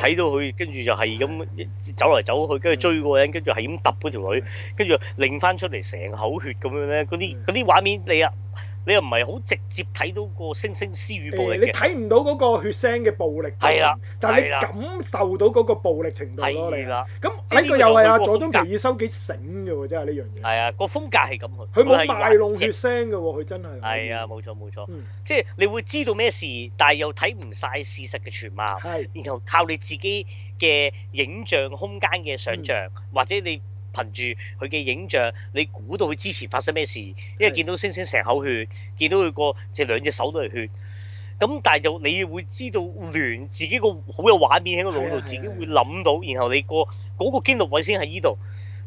睇、嗯嗯、到佢跟住就係咁走嚟走去，跟住追嗰人，跟住係咁揼嗰條女，跟住拎翻出嚟成口血咁樣咧，嗰啲啲畫面你啊～你又唔係好直接睇到個星星，私語暴力、欸、你睇唔到嗰個血腥嘅暴力，係啦的，但係你感受到嗰個暴力程度咯的，你啦。咁呢個又係啊佐敦皮爾要收幾醒嘅喎，真係呢樣嘢。係啊，個風格係咁，佢冇賣弄血腥嘅喎，佢的真係。係啊，冇錯冇錯，錯嗯、即係你會知道咩事，但係又睇唔晒事實嘅全貌，的然後靠你自己嘅影像空間嘅想像，嗯、或者你。憑住佢嘅影像，你估到佢之前發生咩事？的因為見到猩猩成口血，見到佢個即係兩隻手都係血。咁但係就你會知道連自己個好有畫面喺個腦度，自己會諗到。的然後你、個嗰個驚悚位先喺依度，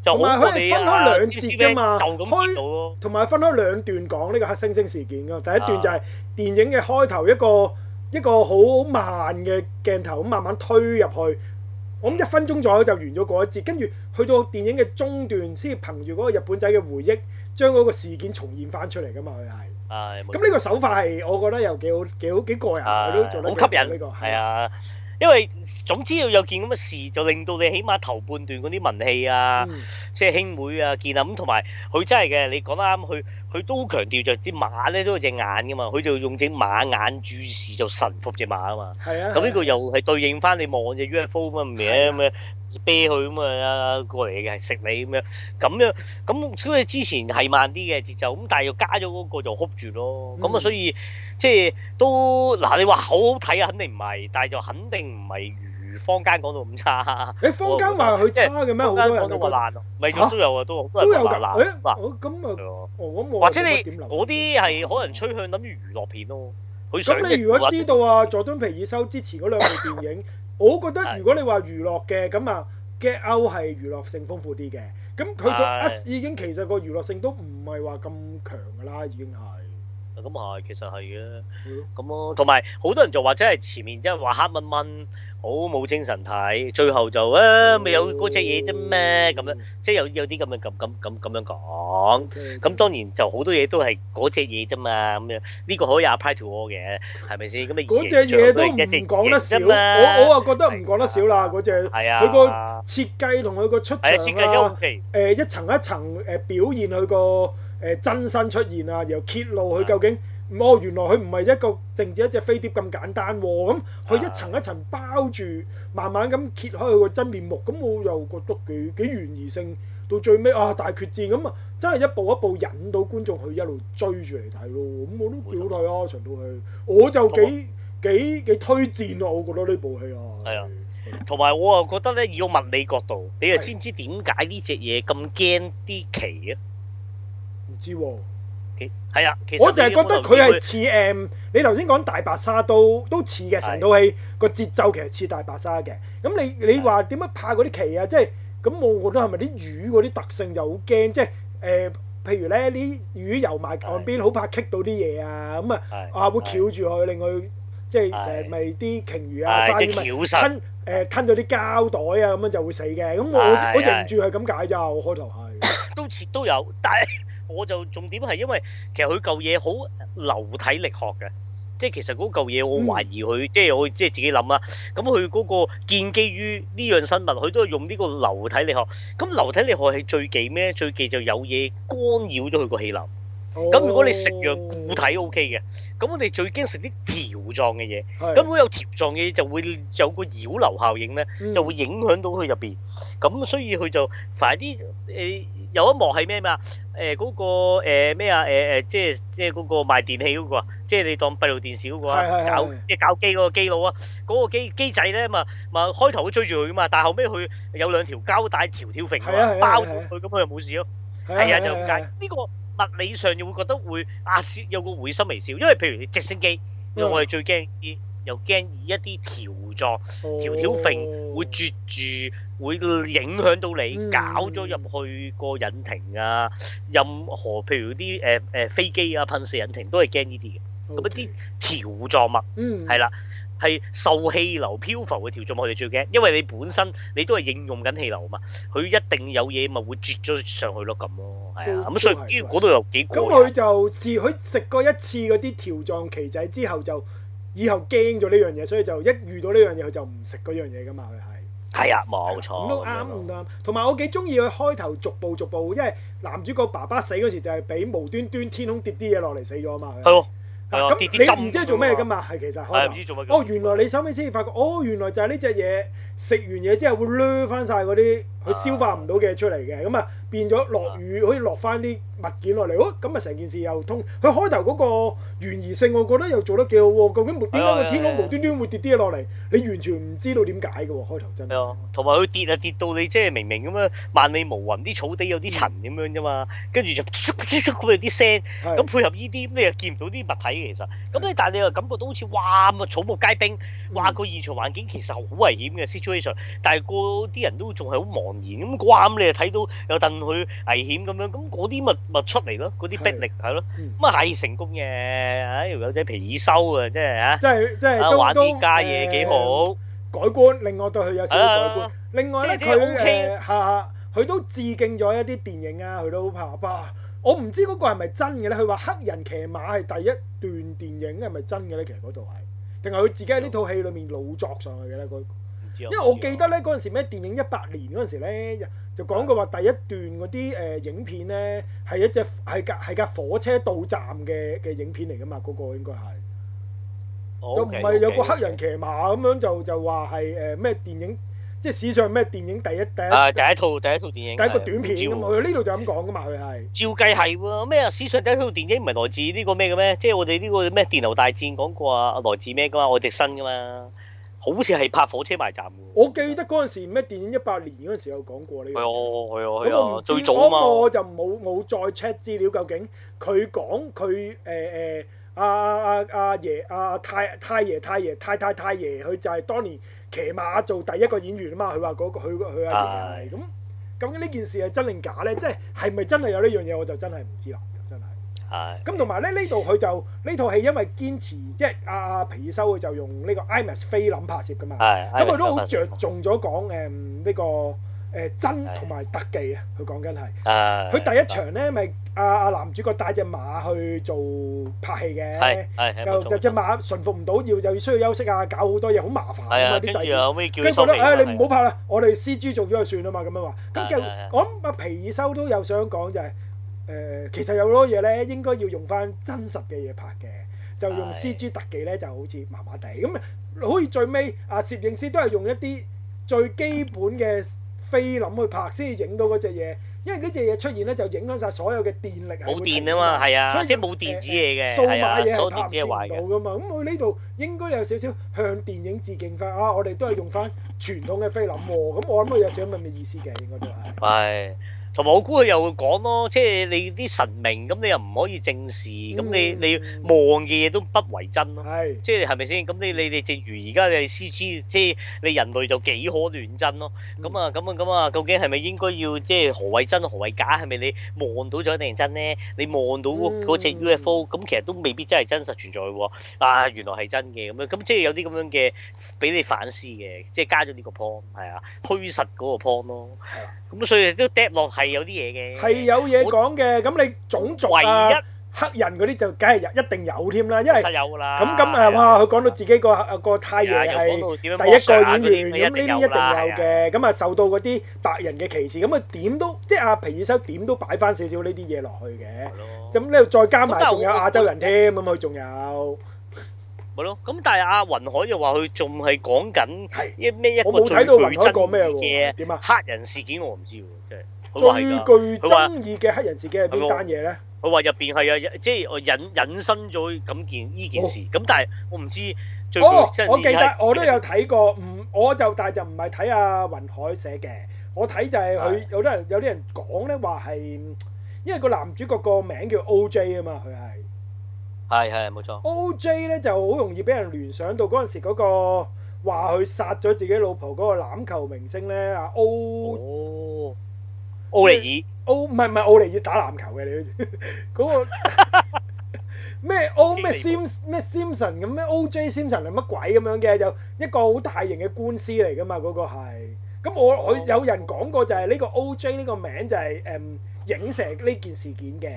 就好過你啊！同埋佢分開兩節㗎嘛，啊、知知就咁開到同埋分開兩段講呢個黑猩猩事件㗎。第一段就係電影嘅開的頭，一個一個好慢嘅鏡頭咁慢慢推入去。我諗一分鐘左右就完咗嗰一節，跟住去到電影嘅中段先憑住嗰個日本仔嘅回憶，將嗰個事件重現翻出嚟噶嘛，佢係。咁呢、啊、個手法係我覺得又幾好，幾好幾過人，佢都、啊、做得好吸引呢、這個。係啊的，因為總之要有件咁嘅事，就令到你起碼頭半段嗰啲文戲啊，即係、嗯、兄妹啊、見啊咁，同埋佢真係嘅，你講得啱佢。佢都好強調就隻馬咧都有隻眼噶嘛，佢就用隻馬眼注視就神服隻馬啊嘛。係啊。咁呢、啊、個又係對應翻你望隻 UFO 咁樣咩咁樣啤佢咁啊過嚟嘅係食你咁樣咁樣咁，所以之前係慢啲嘅節奏，咁但係又加咗嗰個就 hold 住咯。咁啊，所以即係都嗱，你話好好睇啊，肯定唔係，但係就肯定唔係。坊間講到咁差，你、哎、坊間話佢差嘅咩？好多人都到個爛咯，咪仲都有啊，都都有個爛。嗱，咁啊，或者你嗰啲係可能趨向諗住娛樂片咯。咁、欸、了你如果知道啊，佐敦皮爾修之前嗰兩部電影， 我覺得如果你話娛樂嘅咁啊 Get Out 係娛樂性豐富啲嘅，咁佢個 S, 已經其實個娛樂性都唔係話咁強噶啦，已經係。咁係，其實係嘅。咁咯、嗯，同埋好多人就話，真係前面即係話黑蚊蚊，好冇精神睇。最後就誒，咪、啊嗯、有嗰隻嘢啫咩？咁樣即係有有啲咁嘅咁咁咁咁樣講。咁、嗯嗯、當然就好多嘢都係嗰隻嘢啫嘛。咁樣呢、呢個可以 apply to 我嘅，係咪先？咁啊，嗰隻嘢都唔講得少。我我啊覺得唔講得少啦，嗰隻。係啊。佢個設計同佢個出場、哎、設計優奇。誒、okay. 呃，一層一層誒，表現佢個。誒，真身出現啊，又揭露佢究竟哦，原來佢唔係一個淨止一隻飛碟咁簡單喎。咁、嗯、佢一層一層包住，慢慢咁揭開佢個真面目。咁、嗯、我又覺得幾幾懸疑性。到最尾啊，大決戰咁啊、嗯，真係一步一步引到觀眾去一路追住嚟睇咯。咁、嗯、我都幾好睇啊，長到去，我就幾幾幾推薦啊。我覺得呢部戲、嗯、是啊，係啊，同埋我又覺得咧，以物理角度，你又知唔知點解呢隻嘢咁驚啲奇啊？知係啊，其實有有我就係覺得佢係似 M。嗯、你頭先講大白鯊都都似嘅，成套戲個是的 節奏其實似大白鯊嘅。咁你你話點樣拍嗰啲鰭啊？即係咁，我覺得係咪啲魚嗰啲特性就好驚？即係誒、呃，譬如咧啲魚游埋岸邊，好怕棘到啲嘢啊。咁啊啊，會翹住佢，令佢即係成日咪啲鯨魚啊的、鯊魚吞誒吞咗啲膠袋啊，咁樣就會死嘅。咁我的我認住佢咁解咋，我開頭係都似都有，但係。我就重點係因為其實佢嚿嘢好流體力學嘅，即係其實嗰嚿嘢我懷疑佢，即係我即係自己諗啊。咁佢嗰個建基於呢樣生物，佢都係用呢個流體力學。咁流體力學係最忌咩？最忌就有嘢干擾咗佢個氣流。咁如果你食藥固體 O K 嘅，咁我哋最驚食啲條狀嘅嘢。咁如果有條狀嘅嘢就會有個繞流效應咧，就會影響到佢入邊。咁所以佢就快啲誒。有一幕係咩嘛？誒嗰個誒咩啊？誒誒即係即係嗰個賣電器嗰個啊，即係你當閉路電視嗰個啊，搞即係搞機嗰個機佬啊，嗰個機機仔咧嘛嘛開頭都追住佢噶嘛，但係後尾佢有兩條膠帶條條揈啊，包住佢咁佢又冇事咯。係啊，就咁解。呢個物理上又會覺得會壓縮，有個會心微笑。因為譬如你直升機，我係最驚啲，又驚以一啲條。狀條條揈會絕住，會影響到你、嗯、搞咗入去個引擎啊！任何譬如啲誒誒飛機啊噴射引擎都係驚呢啲嘅。咁一啲條狀物，係、嗯、啦，係受氣流漂浮嘅條狀物佢哋最驚，因為你本身你都係應用緊氣流嘛，佢一定有嘢咪會絕咗上去咯咁咯，係啊。咁所以跟度又幾攰。咁佢、嗯嗯、就自佢食過一次嗰啲條狀奇仔之後就。就以後驚咗呢樣嘢，所以就一遇到呢樣嘢就唔食嗰樣嘢噶嘛。佢係係啊，冇錯，都啱，唔啱。同埋我幾中意佢開頭逐步逐步，因為男主角爸爸死嗰時就係俾無端端天空跌啲嘢落嚟死咗啊嘛。係咁你唔知做咩噶嘛？係其實開頭唔知做咩、哦。哦，原來你收尾先至發覺，哦原來就係呢隻嘢食完嘢之後會攣翻晒嗰啲。佢消化唔到嘅出嚟嘅，咁啊變咗落雨可以落翻啲物件落嚟，哦，咁啊成件事又通。佢開頭嗰個懸疑性我覺得又做得幾好喎，究竟點解個天空無端端會跌啲嘢落嚟？你完全唔知道點解嘅喎，開頭真係。係啊，同埋佢跌啊跌到你即係明明咁樣，萬里無雲，啲草地有啲塵咁樣啫嘛，跟住就噠咁有啲聲，咁配合呢啲你又見唔到啲物體其實，咁你但係你又感覺到好似哇啊草木皆兵，哇個現場環境其實好危險嘅 situation，但係啲人都仲係好忙。狂言咁嗰你又睇到有戥佢危險咁樣，咁嗰啲咪咪出嚟咯，嗰啲逼力係咯，咁啊係成功嘅，哎友仔皮已收是啊，真係嚇，真係真係都玩啲假嘢幾好，改觀、呃，令我對佢有少少改觀，另外咧佢 ok 吓，佢都致敬咗一啲電影啊，佢都好怕，哇！我唔知嗰個係咪真嘅咧，佢話黑人騎馬係第一段電影係咪真嘅咧？其實嗰度係，定係佢自己喺呢套戲裏面老作上去嘅咧，因為我記得咧，嗰陣時咩電影一百年嗰陣時咧，就講過話第一段嗰啲誒影片咧，係一隻係架係架火車到站嘅嘅影片嚟噶嘛，嗰、那個應該係。哦、就唔係有個黑人騎馬咁樣、哦、就就話係誒咩電影，即係史上咩電影第一第一。誒、啊、第一套第一套電影。第一個短片咁啊！呢度就咁講噶嘛，佢係，照計係喎，咩史上第一套電影唔係來自呢個咩嘅咩？即係我哋呢個咩電流大戰講過啊，來自咩噶嘛？愛迪生噶嘛？好似係拍火車埋站嘅。我記得嗰陣時咩電影一百年嗰陣時有講過呢個。係啊，啊最早啊，唔知，我我就冇冇再 check 資料究竟佢講佢誒誒阿阿阿阿爺阿、啊、太太爺太爺太太太爺，佢就係當年騎馬做第一個演員啊嘛。佢話嗰個佢佢阿爺咁、啊、究竟呢件事係真定假咧？即係係咪真係有呢樣嘢？我就真係唔知啦。咁同埋咧，呢度佢就呢套戲因為堅持即係阿皮爾修，佢就用呢個 IMAX 菲林拍攝㗎嘛，咁佢都好着重咗講誒呢個誒真同埋特技啊，佢講緊係。佢第一場咧，咪阿阿男主角帶隻馬去做拍戲嘅，就隻馬馴服唔到，要就要需要休息啊，搞好多嘢好麻煩啊啲製片。跟住咧，哎你唔好拍啦，我哋 CG 做咗就算啦嘛，咁樣話。咁其實我諗阿皮爾修都有想講就係。誒其實有好多嘢咧，應該要用翻真實嘅嘢拍嘅，就用 CG 特技咧就好似麻麻地咁。好似最尾啊，攝影師都係用一啲最基本嘅菲林去拍，先至影到嗰隻嘢。因為呢隻嘢出現咧，就影響晒所有嘅電力啊，冇電啊嘛，係啊，即係冇電子嘢嘅，係啊，數碼嘢，數碼嘢壞到噶嘛。咁佢呢度應該有少少向電影致敬翻啊！我哋都係用翻傳統嘅菲林，咁我諗佢有少少咁嘅意思嘅，應該都係係。同埋我估佢又會講咯，即係你啲神明咁，你又唔可以正視，咁你你望嘅嘢都不為真咯，即係係咪先？咁你你你，正如而家你 C G，即係你人類就幾可亂真咯。咁啊，咁啊，咁啊，究竟係咪應該要即係何謂真，何謂假？係咪你望到咗一定真咧？你望到嗰隻 U F O，咁其實都未必真係真實存在喎。啊，原來係真嘅咁樣，咁即係有啲咁樣嘅俾你反思嘅，即係加咗呢個 point 係啊，虛實嗰個 point 咯。係啊，咁所以都 drop 落。係有啲嘢嘅，係有嘢講嘅。咁你種族啊，黑人嗰啲就梗係一定有添啦。因為有啦。咁咁誒，哇！佢講到自己個個太陽系第一個演員，咁呢啲一定有嘅。咁啊，受到嗰啲白人嘅歧視，咁啊點都即係阿皮爾修點都擺翻少少呢啲嘢落去嘅。咁呢度再加埋，仲有亞洲人添，咁佢仲有，咪咯。咁但係阿雲海又話佢仲係講緊，我冇睇到雲海最具爭議嘅黑人事件，我唔知喎，真係。最具爭議嘅黑人事件係邊單嘢咧？佢話入邊係啊，即係我隱隱身咗咁件呢件事呢。咁但係我唔知。哦，我記得我都有睇過。唔，我就但係就唔係睇阿雲海寫嘅。我睇就係佢的有啲人有啲人講咧話係，因為個男主角個名叫 O.J. 啊嘛，佢係係係冇錯。O.J. 咧就好容易俾人聯想到嗰陣時嗰、嗰個話佢殺咗自己老婆嗰個欖球明星咧啊 O、哦。奧尼爾，奧唔係唔係奧尼爾打籃球嘅你，好似嗰個咩 O 咩 Sim 咩 Simpson 咁咩 OJ Simpson 係乜鬼咁樣嘅？就一個好大型嘅官司嚟噶嘛，嗰、那個係。咁我我、哦、有人講過就係呢個 OJ 呢個名就係誒影射呢件事件嘅、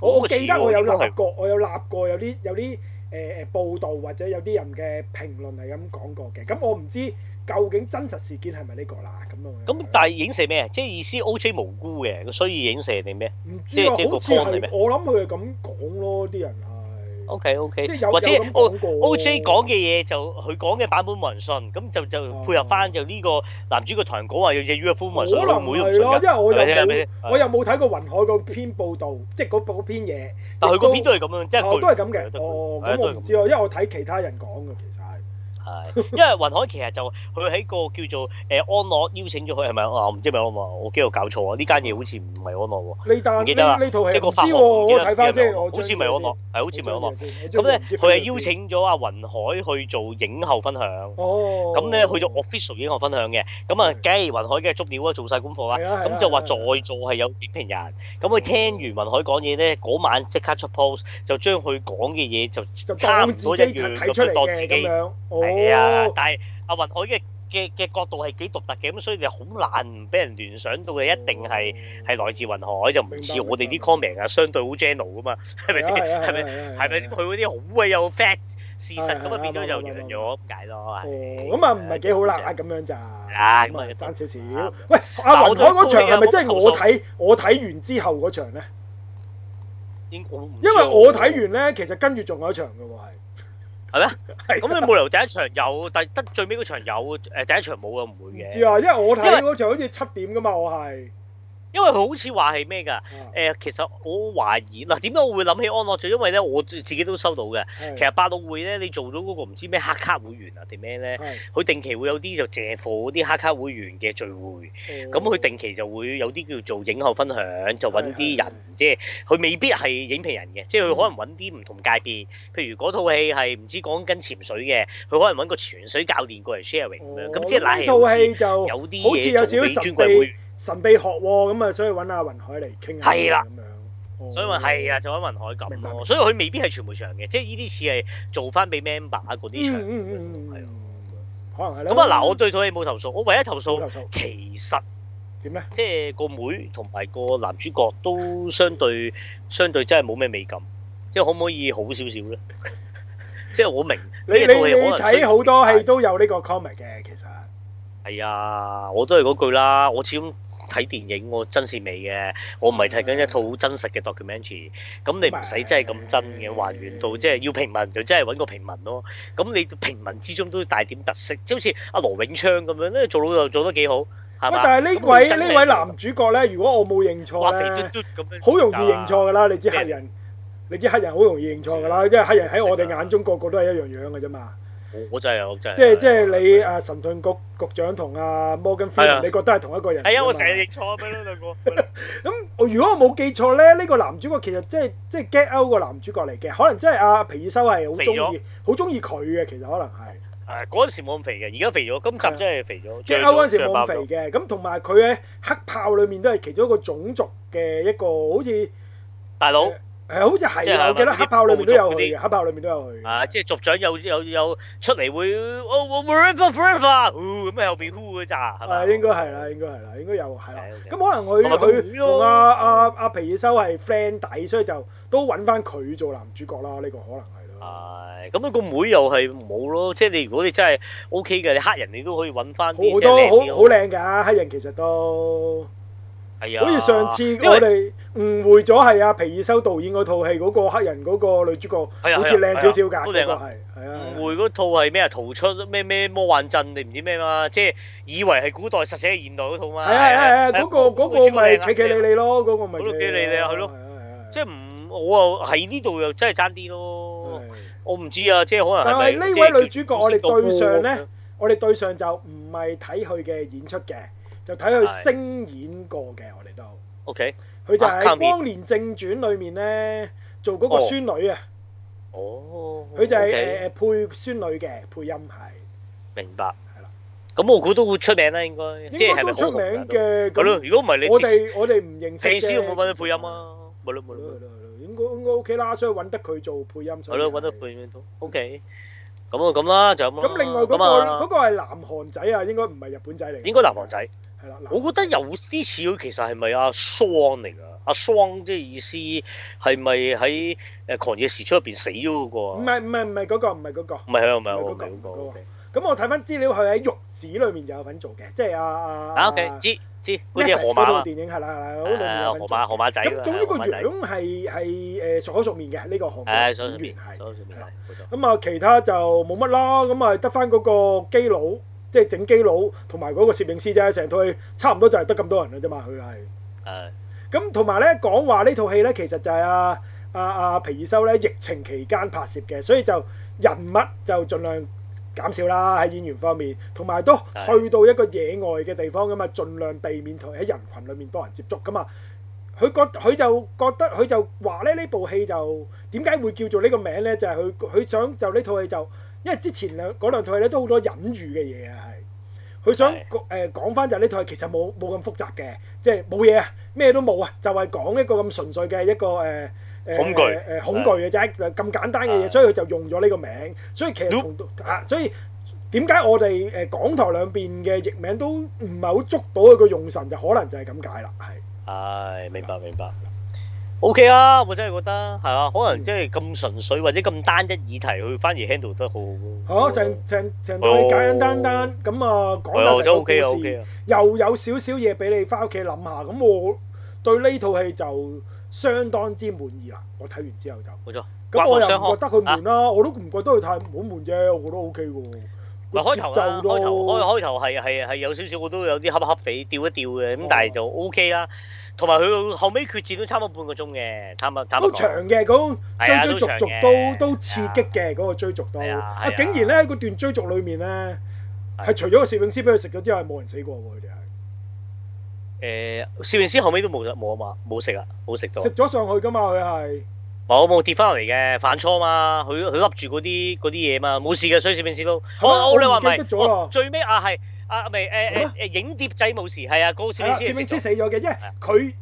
哦。我記得我有立過，過，我有立過有啲有啲。有誒誒、呃、報道或者有啲人嘅評論係咁講過嘅，咁我唔知究竟真實事件係咪呢個啦咁樣。咁但係影射咩啊？即係意思 O.J. 無辜嘅，所以影射定咩？唔知啊，即好似係我諗佢係咁講咯，啲人。O K O K，或者 O O J 講嘅嘢就佢講嘅版本冇人信，咁就就配合翻就呢個男主角同人講話要隻 U F O 冇人信，可能係因為我又我又冇睇過雲海個篇報導，即係嗰嗰篇嘢。但佢個篇都係咁樣，即係都係咁嘅。哦，我唔知咯，因為我睇其他人講嘅其實。係，因為雲海其實就佢喺個叫做誒安樂邀請咗佢係咪啊？我唔知係咪安樂？我記錯搞錯啊！呢間嘢好似唔係安樂喎。呢間唔記得啦，呢套戲。知喎，我睇翻即係好似唔係安樂，係好似唔係安樂。咁咧，佢係邀請咗阿雲海去做影後分享。哦。咁咧去咗 official 影後分享嘅。咁啊，基雲海梗係足料啦，做晒功課啦。咁就話在座係有影評人。咁佢聽完雲海講嘢咧，嗰晚即刻出 post，就將佢講嘅嘢就差唔多一樣咁樣當自己。係啊，但係阿雲海嘅嘅嘅角度係幾獨特嘅，咁所以你好難俾人聯想到嘅一定係係來自雲海，就唔似我哋啲 comment 啊，相對好 general，噶嘛，係咪先？係咪？係咪？佢嗰啲好啊又 fact 事實咁啊，變咗又弱咗，點解咯？咁啊，唔係幾好啦，啊咁樣咋？啊咁啊，爭少少。喂，阿雲海嗰場係咪即係我睇我睇完之後嗰場咧？因為我睇完咧，其實跟住仲有一場嘅喎，係。係咩？咁你冇理由第一場有，但得最尾嗰場有，誒第一場冇啊，唔會嘅。知啊，因為我睇嗰場好似七點噶嘛，為我係。因為佢好似話係咩㗎？誒、呃，其實我懷疑嗱，點、啊、解我會諗起安樂就因為咧，我自己都收到嘅。是的 其實百老匯咧，你做咗嗰個唔知咩黑卡會員啊定咩咧？佢是的 定期會有啲就借貨嗰啲黑卡會員嘅聚會，咁佢是的 定期就會有啲叫做影後分享，就揾啲人，是的是的，即係佢未必係影評人嘅，是的 即係佢可能揾啲唔同界別。譬如嗰套戲係唔知講緊潛水嘅，佢可能揾個潛水教練過嚟 sharing 咁即係嗱，就好似有就好似有啲嘢仲俾尊貴會員神秘學喎，咁啊，所以揾阿雲海嚟傾下，係啦，咁樣，所以話係啊，就揾雲海咁咯。所以佢未必係傳媒場嘅，即係呢啲似係做翻俾 member 啊嗰啲場，係啊，可能係啦。咁啊，嗱，我對套戲冇投訴，我唯一投訴其實點咧？即係個妹同埋個男主角都相對相對真係冇咩美感，即係可唔可以好少少咧？即係我明你你你睇好多戲都有呢個 comment 嘅，其實係啊，我都係嗰句啦，我始終。睇電影我真善美嘅，我唔係睇緊一套好真實嘅 documentary。咁你唔使真係咁真嘅，還原到即係要平民就真係揾個平民咯。咁你平民之中都要帶點特色，即好似阿羅永昌咁樣，因做老豆做得幾好，係嘛？但係呢位呢位男主角咧，如果我冇認錯咧，肥嘟嘟咁樣，好容易認錯㗎啦！你知黑人，你知黑人好容易認錯㗎啦，因為黑人喺我哋眼中個個都係一樣樣㗎啫嘛。我真係，我真係。即係即係你啊，神盾局局長同阿 Morgan Freeman，你覺得係同一個人？係啊，我成日認錯啊，咁樣兩個。咁我如果我冇記錯咧，呢個男主角其實即係即係 Get Out 個男主角嚟嘅，可能真係阿皮爾修係好中意，好中意佢嘅，其實可能係。誒，嗰時冇咁肥嘅，而家肥咗，今集真係肥咗。Get Out 嗰時冇咁肥嘅，咁同埋佢喺黑豹裏面都係其中一個種族嘅一個好似大佬。誒，好似係，我記得黑豹裏面都有佢，黑豹裏面都有佢。啊，即係族長有有有出嚟會，oh my friend，friend 啊，咁後面呼嘅咋，係咪？啊，應該係啦，應該係啦，應該有係啦。咁可能佢佢同阿阿阿皮爾修係 friend 底，所以就都揾翻佢做男主角啦。呢個可能係啦。係，咁啊個妹又係冇咯。即係你如果你真係 OK 嘅，你黑人你都可以揾翻啲即係靚嘅。好多好好靚嘅黑人其實都。好似上次我哋誤會咗係阿皮爾修導演嗰套戲嗰個黑人嗰個女主角，好似靚少少㗎，嗰個係啊，誤會嗰套係咩啊？逃出咩咩魔幻陣？定唔知咩嘛？即係以為係古代實寫現代嗰套嘛？係啊係啊，嗰個嗰個咪企企你你咯，嗰個咪企你你哋係咯，即係唔我啊喺呢度又真係爭啲咯，我唔知啊，即係可能係咪呢位女主角？我哋對上咧，我哋對上就唔係睇佢嘅演出嘅。就睇佢聲演過嘅，我哋都。O K。佢就喺《光年正傳》裏面咧做嗰個孫女啊。哦。佢就係誒配孫女嘅配音係。明白。係啦。咁我估都會出名啦，應該。即係係咪出名嘅？係咯。如果唔係你，我哋我哋唔認識。師傅有冇揾佢配音啊？冇咯冇咯。應該應該 O K 啦，所以揾得佢做配音就。係咯，揾得配音都 O K。咁啊，咁啦，就咁。咁另外嗰個嗰個係南韓仔啊，應該唔係日本仔嚟。應該南韓仔。我覺得有啲似佢，其實係咪阿桑嚟㗎？阿桑即係意思係咪喺《狂野時出入邊死咗嗰個？唔係唔係唔係嗰個，唔係嗰個。唔係啊，唔係嗰個。咁我睇翻資料，佢喺《玉子》裏面就有份做嘅，即係阿啊，OK，知知，即係河馬嘛？電影係啦，係啦，河馬河馬仔。咁仲呢個樣係係誒熟口熟面嘅呢個韓國演員係。熟口熟面係。咁啊，其他就冇乜啦。咁啊，得翻嗰個基佬。即係整機佬同埋嗰個攝影師啫，成套戲差唔多就係得咁多人啦啫嘛，佢係。誒。咁同埋咧講話呢套戲咧，其實就係阿阿阿皮爾修咧，疫情期間拍攝嘅，所以就人物就盡量減少啦喺演員方面，同埋都去到一個野外嘅地方噶嘛，盡量避免同喺人群裡面多人接觸噶嘛。佢覺佢就覺得佢就話咧呢部戲就點解會叫做呢個名咧？就係佢佢想就呢套戲就。因為之前兩嗰兩套咧都好多隱喻嘅嘢啊，係佢想誒講翻就呢套其實冇冇咁複雜嘅，即係冇嘢啊，咩都冇啊，就係講一個咁純粹嘅一個誒誒誒恐懼嘅啫，就咁簡單嘅嘢，所以佢就用咗呢個名，所以其實啊，所以點解我哋誒港台兩邊嘅譯名都唔係好捉到佢個用神，就可能就係咁解啦，係。唉，明白明白。O K 啊，我真係覺得係啊，可能即係咁純粹或者咁單一議題，去反而 handle 得好好咯。成成成套簡簡單單咁啊，講得成個故事，又有少少嘢俾你返屋企諗下。咁我對呢套戲就相當之滿意啦。我睇完之後就冇錯。咁我又唔覺得佢悶啦，我都唔覺得佢太冇悶啫。我覺得 O K 喎。咪開頭咯，開開頭係係係有少少，我都有啲瞌瞌哋釣一釣嘅，咁但係就 O K 啦。同埋佢後尾決戰都差唔多半個鐘嘅，差唔多。好長嘅，嗰追追逐逐都都刺激嘅，嗰個追逐到，啊，竟然咧嗰段追逐裏面咧，係除咗個攝影師俾佢食咗之外，冇人死過喎。佢哋係。誒，攝影師後尾都冇冇啊嘛，冇食啦，冇食到。食咗上去噶嘛，佢係。冇冇跌翻落嚟嘅，犯錯嘛，佢佢笠住嗰啲啲嘢嘛，冇事嘅，所以攝影師都，我我你話唔係，最尾啊係。啊咪誒誒影碟仔冇時係啊，攝、那個攝影，啊、攝影師死咗嘅，因為佢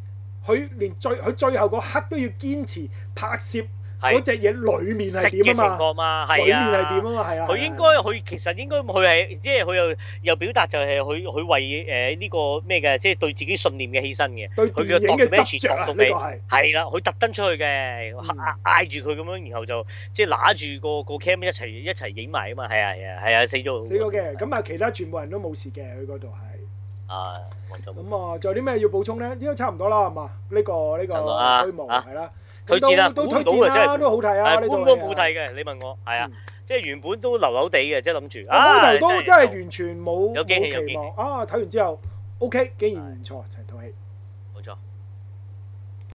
佢是、啊、連最佢最後嗰刻都要堅持拍攝。嗰隻嘢裏面係點嘅情況嘛？裏面係點啊嘛？係啊！佢應該佢其實應該佢係即係佢又又表達就係佢佢為誒呢個咩嘅，即係對自己信念嘅犧牲嘅。佢嘅角色執著啊！呢個係係啦，佢特登出去嘅，嗌住佢咁樣，然後就即係拿住個個 cam 一齊一齊影埋啊嘛！係啊係啊係啊！死咗死咗嘅，咁啊其他全部人都冇事嘅，佢嗰度係啊。咁啊，仲有啲咩要補充咧？應該差唔多啦，係嘛？呢個呢個規模係啦。佢薦啊，我都推薦啊，真係都好睇啊，我官都好睇嘅。你問我，係啊，即係原本都流流地嘅，即係諗住啊，都真係完全冇有幾期望啊。睇完之後，OK，竟然唔錯。